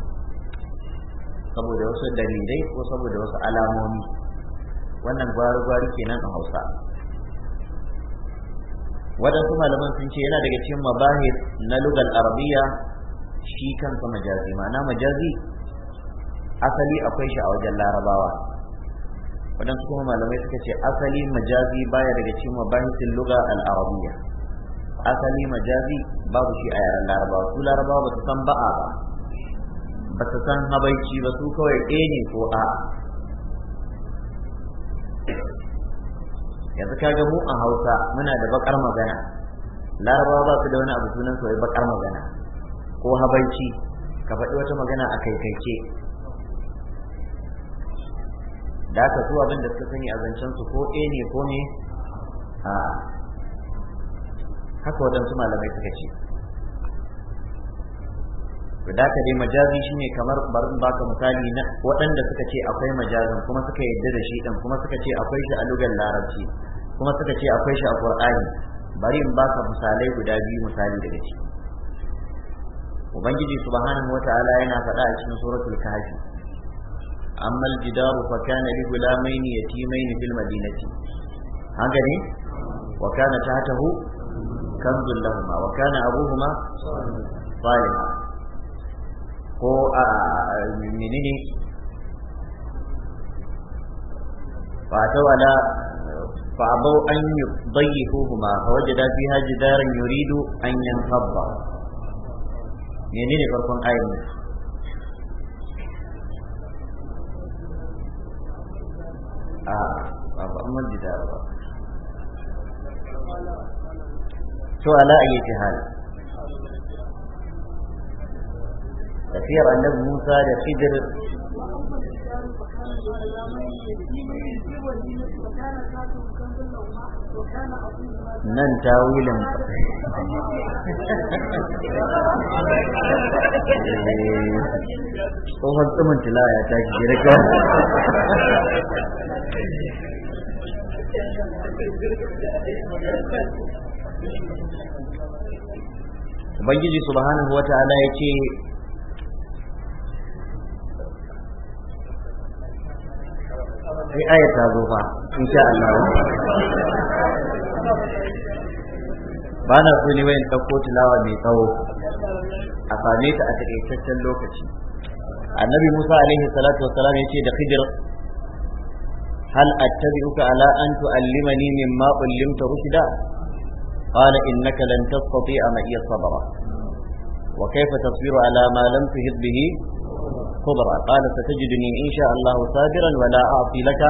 saboda wasu dalilai ko saboda wasu alamomi wannan gwari-gwari kenan a hausa waɗansu malaman sun ce yana daga cikin mabahis na lugal arabiya shi kansa majazi ma'ana majazi asali akwai shi a wajen larabawa waɗansu kuma malamai suka ce asali majazi baya daga cikin mabahisin luga al'arabiyya asali majazi babu shi a yaren larabawa su larabawa ba su san ba'a ba ba su san habaici ba su kawai A ne ko a yanzu kaga mu a hausa muna da bakar magana larabawa ba su da wani abu sunan su bakar magana ko habaici ka faɗi wata magana a kaikaice da aka su abin da suka sani a zancen su ko ɗaya ne ko ne a haka waɗansu malamai suka ce Ku da ka dai majazi shine kamar barin baka misali na waɗanda suka ce akwai majazin kuma suka yadda da shi ɗin kuma suka ce akwai shi a lugar larabci kuma suka ce akwai shi a qur'ani bari in baka misalai guda biyu misali daga ciki ubangiji subhanahu wata'ala yana faɗa a cikin suratul kahfi amma al-jidar fa kana li gulamayn yatimayn fil madinati haka ne wa kana tahtahu kanzun lahumma wa kana abuhuma salihan ko a menene فأتوا على فأبوا أن يضيفوهما فوجد فيها جدارا يريد أن ينفض menene farkon ayin ne a ah, ba amma jida ba to ala ayyati hal tafiyar annabi Musa da Khidir nan ta wilin eh, tsohon tsumin tilaya ta ki girka ubangiji subhanahu wa ta'ala ya ce sai aya ta zo fa in sha Allah ba na so ne wayan ɗauko tilawa mai tsawo a same ta a taƙaitaccen lokaci annabi musa alaihi salatu wasalam ya ce da khidir hal attabi'uka ala an tu'allimani mimma ullimta rushda قال إنك لن تستطيع معي صبرا وكيف تصبر على ما لم تهد به الكبرى قال ستجدني إن شاء الله صابرا ولا أعطي لك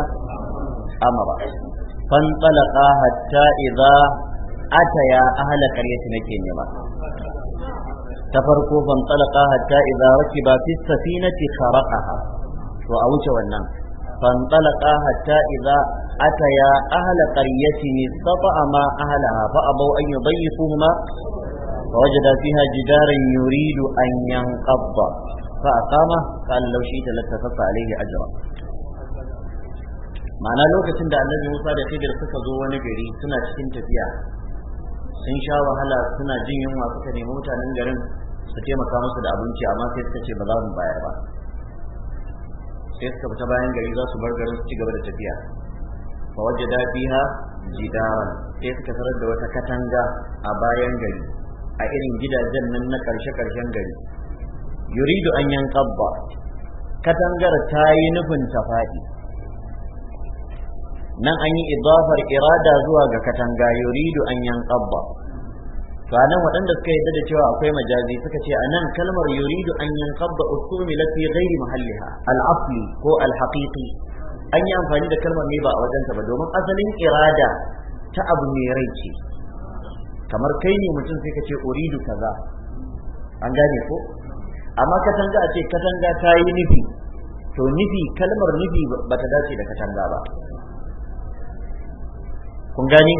أمرا فانطلقا حتى إذا أتيا أهل قرية نكينما تفرقوا فانطلقا حتى إذا ركبا في السفينة خرقها وأوجوا النام فانطلقا حتى إذا أتيا أهل قرية استطعما أهلها فأبوا أن يضيفوهما فوجدا فيها جدارا يريد أن ينقض fa aqama qala law shi'ta lattafaqta alayhi ma'ana lokacin da annabi Musa da Khidir suka zo wani gari suna cikin tafiya sun sha wahala suna jin yunwa suka nemi mutanen garin su taimaka musu da abinci amma sai suka ce ba za mu bayar ba sai suka fita bayan gari za su bar garin su ci gaba da tafiya fa da fiha jidaran sai suka tarar da wata katanga a bayan gari a irin gidajen nan na karshe karshen gari yuridu an yanqabba katangar ta yi nufin ta faɗi nan an yi idafar irada zuwa ga katanga yuridu an yanqabba to anan waɗanda suka yadda da cewa akwai majazi suka ce anan kalmar yuridu an yanqabba usumila fi ghairi mahalliha al ko al an yi amfani da kalmar ne ba a wajenta ba domin asalin irada ta abu mai rai ce kamar kai ne mutum sai ka ce uridu kaza an gane ko amma katanga a ce katanga ta yi nufi to nufi kalmar nufi ba ta dace da katanga ba kun gani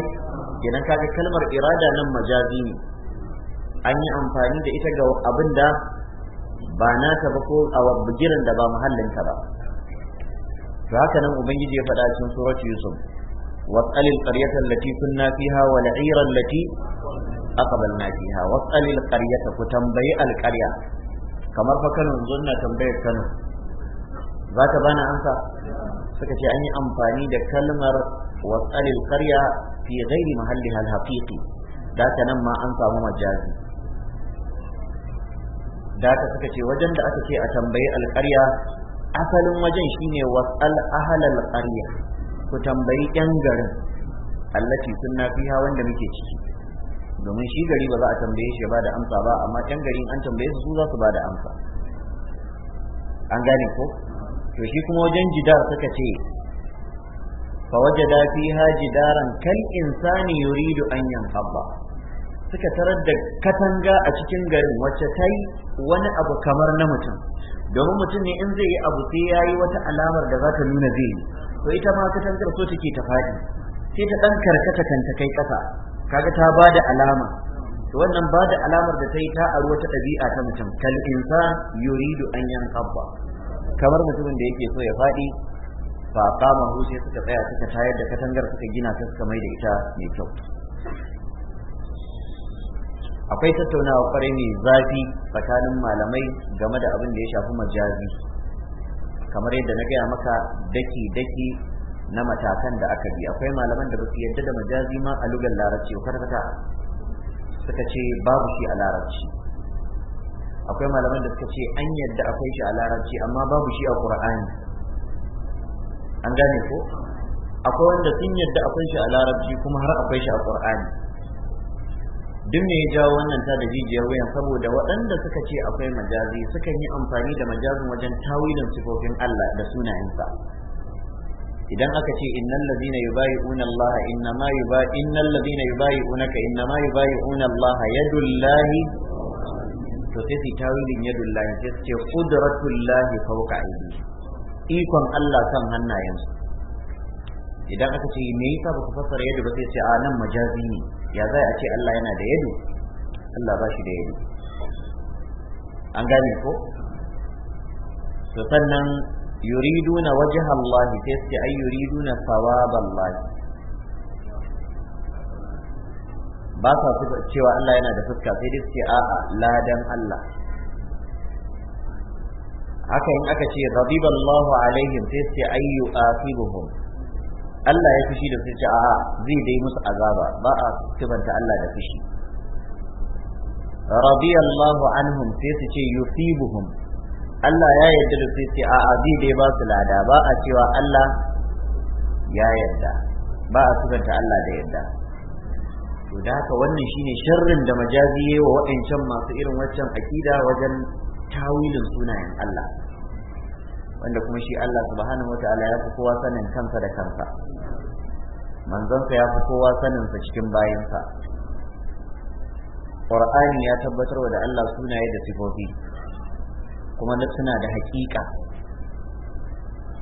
kenan kaga kalmar irada nan majazi ne an yi amfani da ita ga abinda da ba naka ba ko a bigiran da ba muhallinka ba to haka nan ubangiji ya faɗa cikin suratu yusuf واسأل القرية التي كنا فيها والعير التي أقبلنا فيها واسأل القرية فتنبي القرية kamar fa Kano yanzu tambayar Kano za ka bana amsa suka ce an yi amfani da kalmar wasalil qarya fi ghairi mahalliha al-haqiqi da ta nan ma an samu majazi da ta suka ce wajen da aka ce a tambayi alƙarya asalin wajen shine watsal ahlal qarya ku tambayi yan garin allati sunna fiha wanda muke ciki domin shi gari ba za a tambaye shi ba da amsa ba amma yan garin an tambaye su su za su ba da amsa an gane ko to shi kuma wajen jidar suka ce fa wajada fiha jidaran kal insani yuridu an yanhabba suka tarar da katanga a cikin garin wacce ta wani abu kamar na mutum domin mutum ne in zai yi abu sai ya yi wata alamar da za ta nuna zai yi to ita ma katangar so take ta faɗi sai ta ɗan karkata kan ta kai ƙasa kaga ta ba da alama to wannan ba da alamar da ta yi ta aro ta ɗabi'a ta mutum kal insan yuridu an yanqabba kamar mutumin da yake so ya faɗi fa qama hu sai suka tsaya suka tayar da katangar suka gina ta suka mai da ita mai kyau akwai tattaunawa kwarai mai zafi tsakanin malamai game da abin da ya shafi majazi kamar yadda na gaya maka daki daki na matakan da aka bi akwai malaman da ba su yadda da majazi ma a lugar larabci kwata-kwata suka ce babu shi a larabci akwai malaman da suka ce an yadda akwai shi a larabci amma babu shi a qur'ani an gane ko akwai wanda sun yadda akwai shi a larabci kuma har akwai shi a qur'ani duk me ya jawo wannan ta da jijiyar wayan saboda waɗanda suka ce akwai majazi sukan yi amfani da majazin wajen tawilin sifofin Allah da sunayensa idan aka ce innal ladina yubayi'una Allah innama innal ladina yubayi'unaka innama yubayi'una Allah yadullahi to sai yadullahi sai ce qudratullahi fawqa aidi ikon Allah kan hannayen idan aka ce me yasa baka fassara yadu ba sai ce a nan majazi ne ya zai a ce Allah yana da yadu Allah ba shi da yadu an gane ko to sannan yuriduna wajha Allah sai su ai yuriduna thawab ba su cewa Allah yana da fuska sai dai su ce a'a ladan Allah haka in aka ce radiba Allah alaihim sai su ce ai yu'aqibuhum Allah ya fushi da su ce a'a zai dai musu azaba ba a Allah da fushi anhum sai su ce yusibuhum Allah ya yarda da su ce a'a zai dai ba su lada ba a cewa Allah ya yarda ba a sukanta Allah da yarda to da haka wannan shine sharrin da majazi yayi wa waɗancan masu irin waccan akida wajen tawilin sunayen Allah wanda kuma shi Allah subhanahu wataala ya fi kowa sanin kansa da kansa manzonsa ya fi kowa saninsa cikin bayansa Qur'ani ya tabbatar da Allah sunaye da sifofi kuma suna da hakika,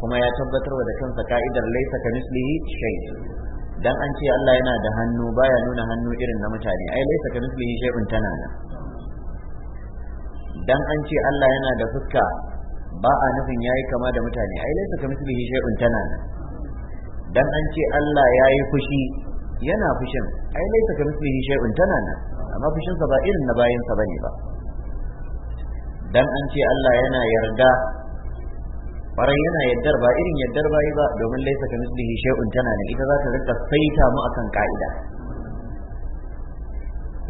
kuma ya tabbatar da kansa ka'idar laisa ka mislihi shay dan an ce Allah yana da hannu baya nuna hannu irin na mutane ai laisa ka mislihi shay'un tana nan dan an ce Allah yana da fuska ba a nufin yayi kama da mutane ai laisa ka mislihi shay'un tana nan dan an ce Allah yayi fushi yana fushin ai laisa ka mislihi shay'un tana nan amma fushinsa ba irin na bayinsa bane ba, ne ba. dan an ce Allah yana yarda farai yana yardar ba irin yardar ba ba domin laisa ka mislihi shay'un tana ne ita za ta rinka saita mu akan ka'ida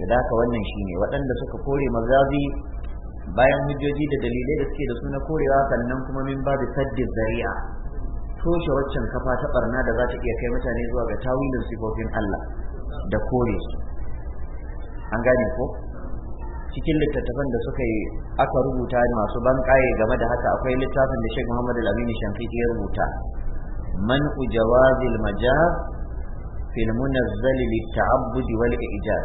da ka wannan shine waɗanda suka kore mazazi bayan hujjoji da dalilai da suke da su na korewa sannan kuma min babu saddi zari'a toshe waccan kafa ta barna da za ta iya kai mutane zuwa ga tawilin sifofin Allah da kore an gane ko cikin littattafan da suka yi aka rubuta masu bankaye game da haka akwai littafin da Sheikh Muhammad Al-Amin Shankiti ya rubuta man ujawazil majaz fil munazzal lit-ta'abbud wal ijaz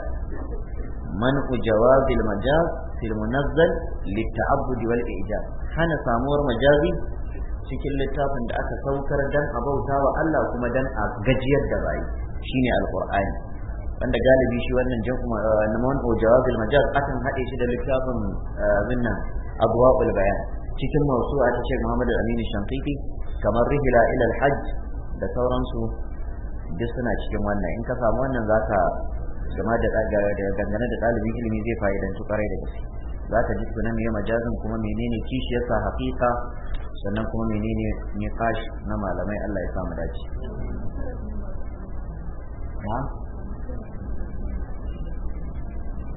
man ujawazil majaz fil munazzal lit-ta'abbud wal ijaz hana samuwar majazi cikin littafin da aka saukar dan a bauta wa Allah kuma dan a gajiyar da ba'i shine alqur'ani wanda galibi shi wannan eh, naman o jawabul majaz akan haɗe shi da littafin minna eh, abwaul bayan cikin mawsu'a a ce Muhammad amin Shankiti kamar rihila ila al-hajj da sauransu duk suna cikin wannan in ka samu wannan zaka gama da dangane da ɗalibin ilimi zai fa'idantu kwarai da gaske za ka ji tunan mai majazin kuma menene sa haƙiƙa sannan kuma menene niqash na malamai Allah ya samu dace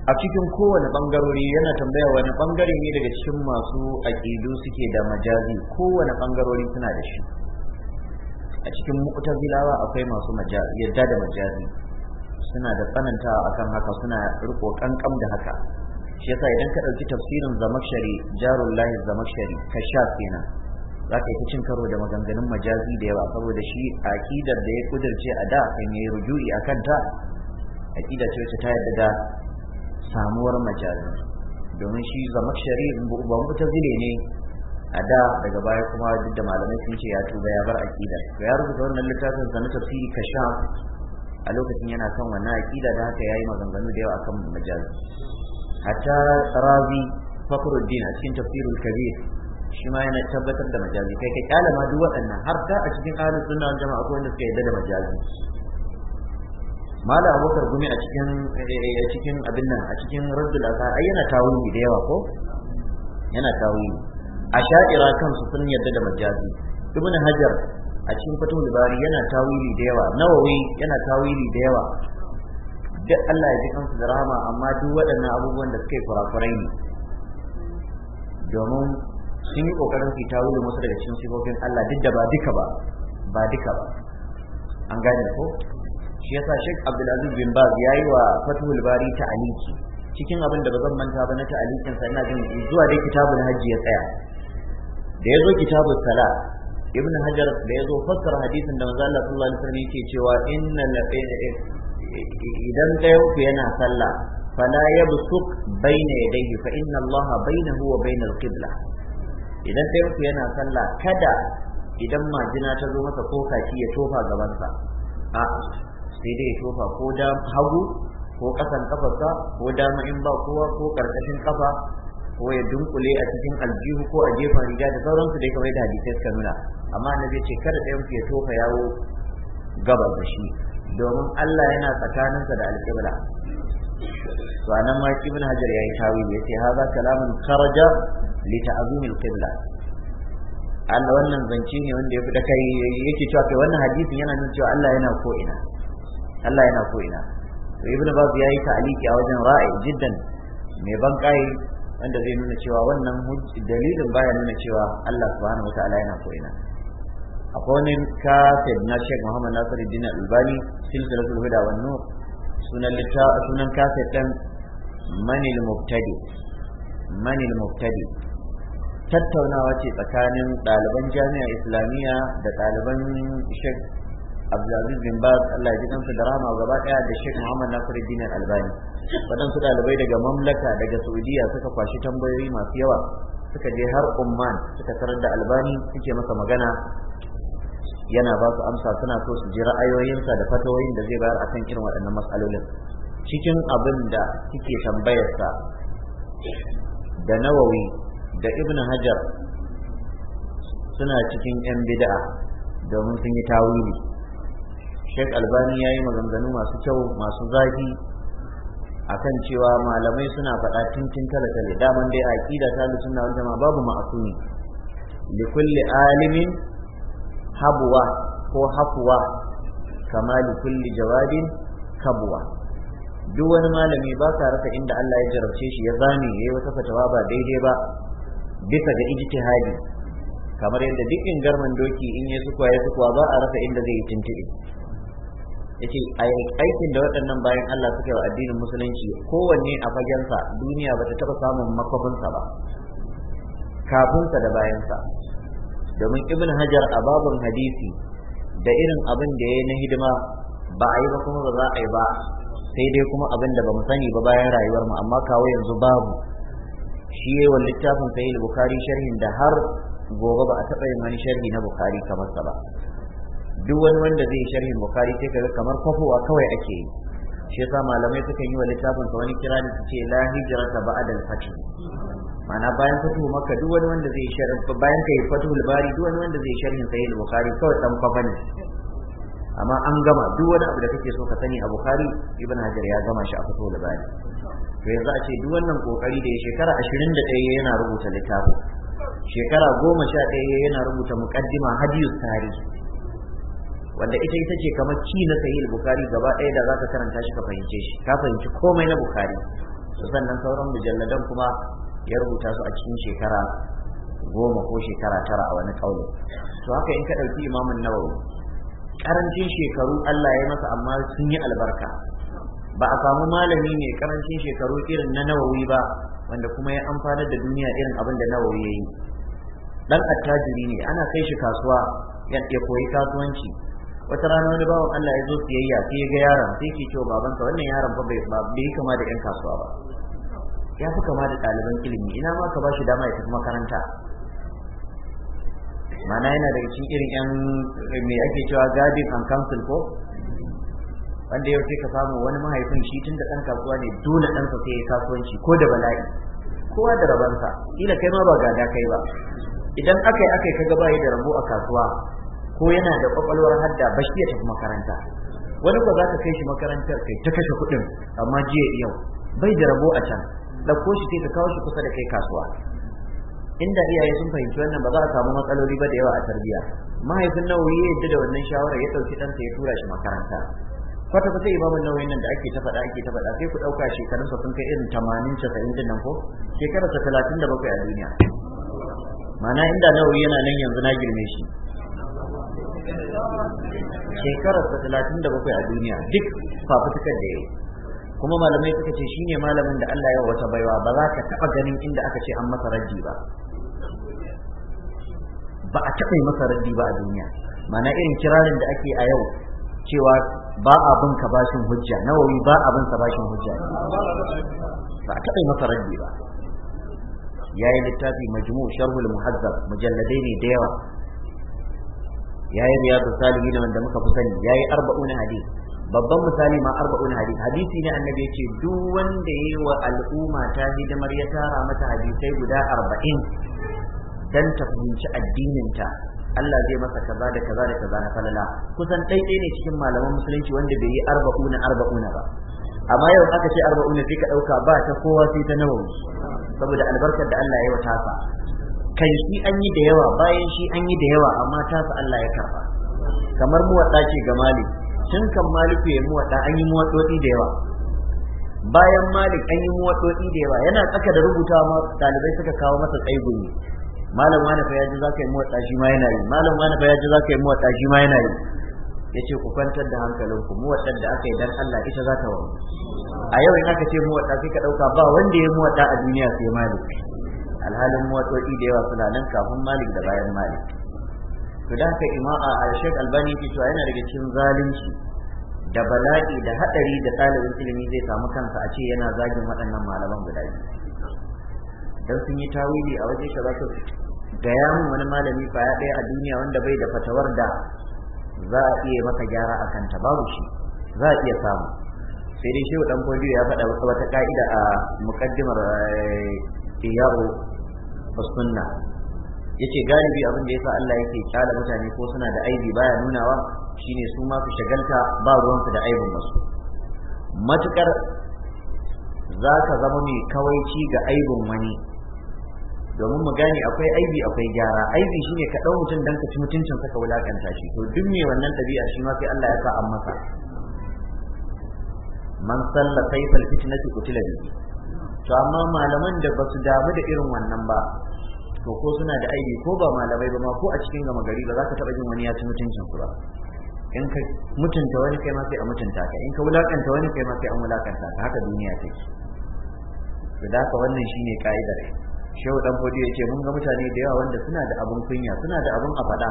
a cikin kowane bangarori yana tambaya wani bangare ne daga cikin masu aƙidu suke da majazi kowane bangarori suna da shi a cikin mu'tazilawa akwai masu yadda da majazi suna da tsananta akan haka suna riko kankam da haka shi yasa idan ka ɗauki tafsirin zamakshari jarul lahi zamakshari sha kenan za ka yi cin karo da maganganun majazi da yawa saboda shi aƙidar da ya kudirce a da kan yayi ruju'i akan ta aƙida ce wacce ta yarda da samuwar majazi domin shi zama shari'in ba mu zile ne a da daga baya kuma duk da malamai sun ce ya tuba ya bar aqida to ya rubuta wannan littafin sa na tafsiri kasha a lokacin yana kan wannan aqida da haka yayi maganganu da yawa akan majazi hatta razi fakhruddin a cikin tafsirul kabir shi ma yana tabbatar da majalis kai kai kalama duk waɗannan har ta a cikin ahlus sunna jama'a akwai wanda suka yarda da majazi mala abokar gumi a cikin eh, eh, eh, a cikin abin nan a cikin raddul azhar ai yana tawili da yawa ko yana tawili a sha'ira kansu sun yarda da majazi ibn hajar a cikin fatul bari yana tawili da yawa nawawi yana tawili da yawa duk Allah ya ji kansu da rahama amma duk waɗannan abubuwan da suka yi kurakurai ne domin sun yi kokarin su tawili musu daga cikin sifofin Allah duk da ba duka ba ba duka ba an gane ko shi yasa Sheikh Abdul Aziz bin Baz yayi wa Fathul Bari ta'aliki cikin abin da bazan manta ba na ta'alikin sa ina jin zuwa dai kitabul hajji ya tsaya da yazo kitabul sala ibn hajar da yazo fassar hadisin da manzo Allah sallallahu alaihi wasallam yake cewa innal eh, eh, eh, idan ɗayan ku yana sallah fala yabsuq bayna yadayhi fa inna Allah bainahu wa bainal qibla idan ɗayan ku yana sallah kada idan majina ta zo masa ko kashi ya tofa gabansa a sai dai ya tofa ko da hagu ko kasan kafarsa ko dama in ba kowa ko karkashin kafa ko ya dunkule a cikin aljihu ko a jefa riga da sauransu dai kamar da hadisai suka nuna amma na zai ce kada ɗayan ya tofa yawo gabas da shi domin Allah yana tsakaninsa da alƙibla to anan ma ibn hajar yayi ya ce haza kalamun kharaja li ta'zim al-qibla Allah wannan zance ne wanda ya fi da kai yake cewa kai wannan hadisin yana nuna cewa Allah yana ko ina Allah yana ko ina to ibnu bab ya yi ta'aliki a wajen ra'ayi jiddan mai ban kai wanda zai nuna cewa wannan dalilin baya nuna cewa Allah subhanahu wataala yana ko ina akwai wani kafin na Sheikh Muhammad Nasiruddin Albani silsilatul huda wan nur sunan litta sunan dan manil mubtadi manil mubtadi tattaunawa ce tsakanin ɗaliban jami'a islamiyya da ɗaliban Abdulaziz bin Baz Allah ya ji kansa da rahama gaba daya da Sheikh Muhammad Nasiruddin dina albani waɗansu ɗalibai daga mamlaka daga Saudiya suka kwashi tambayoyi masu yawa suka je har Umman suka tarar da Albani suke masa magana yana ba su amsa suna so su ji ra'ayoyinsa da fatawoyin da zai bayar akan irin waɗannan matsalolin cikin abin da suke tambayarsa da Nawawi da Ibn Hajar suna cikin 'yan bid'a domin sun yi tawili Sheikh Albani ya yi maganganu masu kyau masu zafi akan cewa malamai suna faɗa tintin kala daman dai aqida ta sunna na babu ma'asumi li kulli alimin habwa ko hafwa kama li kulli jawabin kabwa duk wani malami ba ka rasa inda Allah ya jarabce shi ya zame yi wata fatawa ba daidai ba bisa ga ijtihadi kamar yadda duk ingarman doki in ya sukuwa ya sukuwa ba a rasa inda zai yi tintiɗi yace aikin da waɗannan bayan Allah suka wa addinin musulunci kowanne a fagensa duniya bata taɓa samun makwafinsa ba kafinsa da bayansa domin ibn hajar a babun hadisi da irin abin da ya yi na hidima ba a yi ba kuma ba za a yi ba sai dai kuma abin da ba mu sani ba bayan rayuwar mu amma kawo yanzu babu shi yayi wa littafin sahih bukhari sharhin da har gobe ba a taɓa yin wani sharhi na bukhari kamar sa ba duk wani wanda zai sharhin bukari sai kaga kamar kwafowa kawai ake yi shi yasa malamai suka yi wa littafin sa wani kira da suke la ta ba'da al-fath Mana bayan fatu maka duk wani wanda zai sharhi bayan kai fatu al-bari duk wani wanda zai sharhin sahih al-bukhari kawai dan kwafa ne amma an gama duk wani abu da kake so ka sani a bukhari ibn hajar ya gama shi a fatu al-bari to yanzu a ce duk wannan kokari da ya shekara 21 yana rubuta littafin shekara 11 yana rubuta muqaddima hadiyus tarihi wanda ita ita ce kamar ci na sahih bukhari gaba ɗaya da zaka karanta shi ka fahimce shi ka fahimci komai na bukhari sannan sauran mujalladan kuma ya rubuta su a cikin shekara goma ko shekara tara a wani kauli to haka in ka ɗauki imamun nawawi karancin shekaru Allah ya masa amma sun yi albarka ba a samu malami ne karancin shekaru irin na nawawi ba wanda kuma ya amfana da duniya irin abin da nawawi ya yi dan attajiri ne ana kai shi kasuwa ya koyi kasuwanci wata rana wani bawan Allah ya zo siyayya sai ya ga yaron sai ke cewa babansa wannan yaron fa bai bai kama da yan kasuwa ba ya fi kama da ɗaliban ilimi ina ma ka bashi dama ya tafi makaranta mana yana da cikin irin yan me ake cewa garden and council ko wanda yau sai ka samu wani mahaifin shi tun da ɗan kasuwa ne dole ɗansa sai ya kasuwanci ko da bala'i kowa da rabansa kila kai ma ba gada kai ba idan aka yi aka yi kaga bayi da rabo a kasuwa ko yana da kwakwalwar hadda ba shi ya tafi makaranta wani ko za ka kai shi makarantar kai ta kashe kuɗin amma jiya yau bai da rabo a can ɗauko shi sai ka kawo shi kusa da kai kasuwa inda iyaye sun fahimci wannan ba za a samu matsaloli ba da yawa a tarbiyya mahaifin nawawi ya yadda da wannan shawarar ya ɗauki ɗansa ya tura shi makaranta kwata kwata imamun nauyin nan da ake ta faɗa ake ta faɗa sai ku ɗauka shekarunsa sun kai irin tamanin casa'in din nan ko shekararsa talatin da bakwai a duniya ma'ana inda nauyi yana nan yanzu na girme shi shekarar da talatin da bakwai a duniya duk fafutukar da ya yi kuma malamai suka ce shine malamin da Allah ya wata baiwa ba za ka taɓa ganin inda aka ce an masa raddi ba ba a taɓa masa raddi ba a duniya mana irin kirarin da ake a yau cewa ba a bin ka bashin hujja nawawi ba a bin sa bashin hujja ba a taɓa masa raddi ba ya yi littafi majmu sharhul muhazzab mujalladai ne da yawa yayi riyadu salihin wanda muka fi sani yayi arba'una hadith babban misali ma arba'un hadith hadisi ne annabi ce, duk wanda ya yi wa al'umma ta hidimar ya tara mata hadisai guda arba'in dan ta fahimci addinin ta Allah zai masa kaza da kaza da kaza na falala kusan ɗaiɗai ne cikin malaman musulunci wanda bai yi arba'una arba'una ba amma yau aka ce arba'una sai ka ɗauka ba ta kowa sai ta nawa saboda albarkar da Allah ya yi wa tasa kai shi an yi da yawa bayan shi an yi da yawa amma ta su Allah ya karba kamar muwaɗa ce ga malik tun kan Malik ya muwaɗa an yi muwaɗoɗi da yawa bayan malik an yi muwaɗoɗi da yawa yana tsaka da rubutawa ma ɗalibai suka kawo masa tsaigumi malam wani fa yaji zaka yi muwaɗa shi ma yana yi malam wani fa yaji zaka yi muwaɗa shi ma yana yi yace ku kwantar da hankalinku muwaɗar da aka yi dan Allah ita za ta wa a yau in aka ce muwaɗa sai ka ɗauka ba wanda ya muwaɗa a duniya sai malik alhalin watsotsi da yawa suna nan kafin malik da bayan malik to da ka ima'a a shek albani ki cewa yana daga cikin zalunci da bala'i da hadari da ɗalibin ilimi zai samu kansa a ce yana zagin waɗannan malaman guda biyu dan sun yi tawili a waje kaza to gaya min wani malami ya ɗaya a duniya wanda bai da fatawar da za a iya maka gyara a kanta babu shi za a iya samu sai dai shehu dan fodiyo ya faɗa wata ka'ida a muqaddimar eh, iyaru sunna yace galibi abin da yasa Allah yake kyala mutane ko suna da aibi baya nunawa shine su ma su shagalta ba su da aibin wasu matukar za ka zama mai kawaici ga aibin wani domin mu gane akwai aibi akwai gyara aibi shine ka dau mutum dan ka ci mutuncin ka wulakanta shi to duk me wannan dabi'a shi ma sai Allah ya sa an masa man sallata fitnati qutila bihi to amma malaman da basu damu da irin wannan ba to ko suna da aiki ko ba malamai ba ma ko a cikin gama gari ba za ka taɓa jin wani ya ci mutuncin ku ba in ka mutunta wani kai ma sai a mutunta ka in ka wulakanta wani kai ma sai an wulakanta ka haka duniya take to da haka wannan shine ka'idar shehu dan fodi yace mun ga mutane da yawa wanda suna da abun kunya suna da abun a faɗa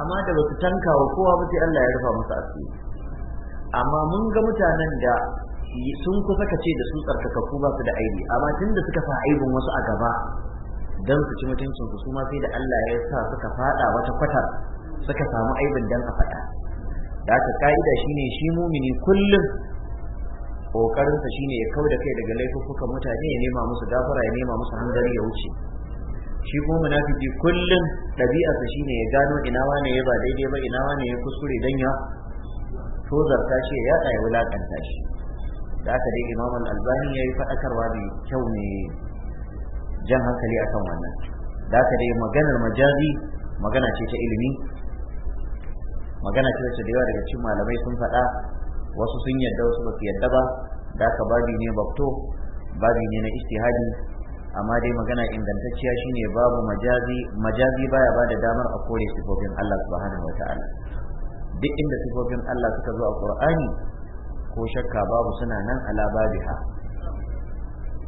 amma da basu tanka wa kowa ba sai Allah ya rufa musu asiri amma mun ga mutanen da sun kusa kace da su tsarkakakku ba su da aibi amma tunda suka sa aibin wasu a gaba dan su ci mutuncin su ma sai da Allah ya sa suka fada wata kwata suka samu aibin dan a faɗa da ka'ida shine shi mumini kullum kokarinsa shine ya kauda kai daga laifukan mutane ya nema musu gafara ya nema musu hanzari ya wuce shi kuma munafiki kullum ɗabi'arsa shine ya gano ina wane ya ba daidai ba ina wane ya kuskure dan ya tozarta shi ya yaɗa ya wulakanta shi da ka dai imam al-albani ya yi faɗakarwa mai kyau ne jan hankali akan wannan da ka dai maganar majazi magana ce ta ilimi magana ce ta da yawa daga cikin malamai sun faɗa wasu sun yadda wasu ba su yadda ba da ka babi ne bakto babi ne na istihadi amma dai magana ingantacciya shine babu majazi majazi baya ba da damar a kore sifofin Allah subhanahu wataala duk inda sifofin Allah suka zo a Qur'ani ko shakka babu suna nan ala babiha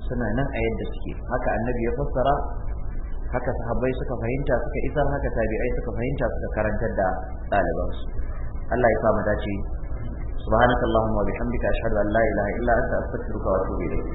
suna nan a yadda suke haka annabi ya fassara haka sahabbai suka fahimta suka isar haka tabi'ai suka fahimta suka karantar da ɗalibansu Allah ya sa mu dace subhanakallahumma wa bihamdika ashhadu an la ilaha illa anta astaghfiruka wa atubu ilayk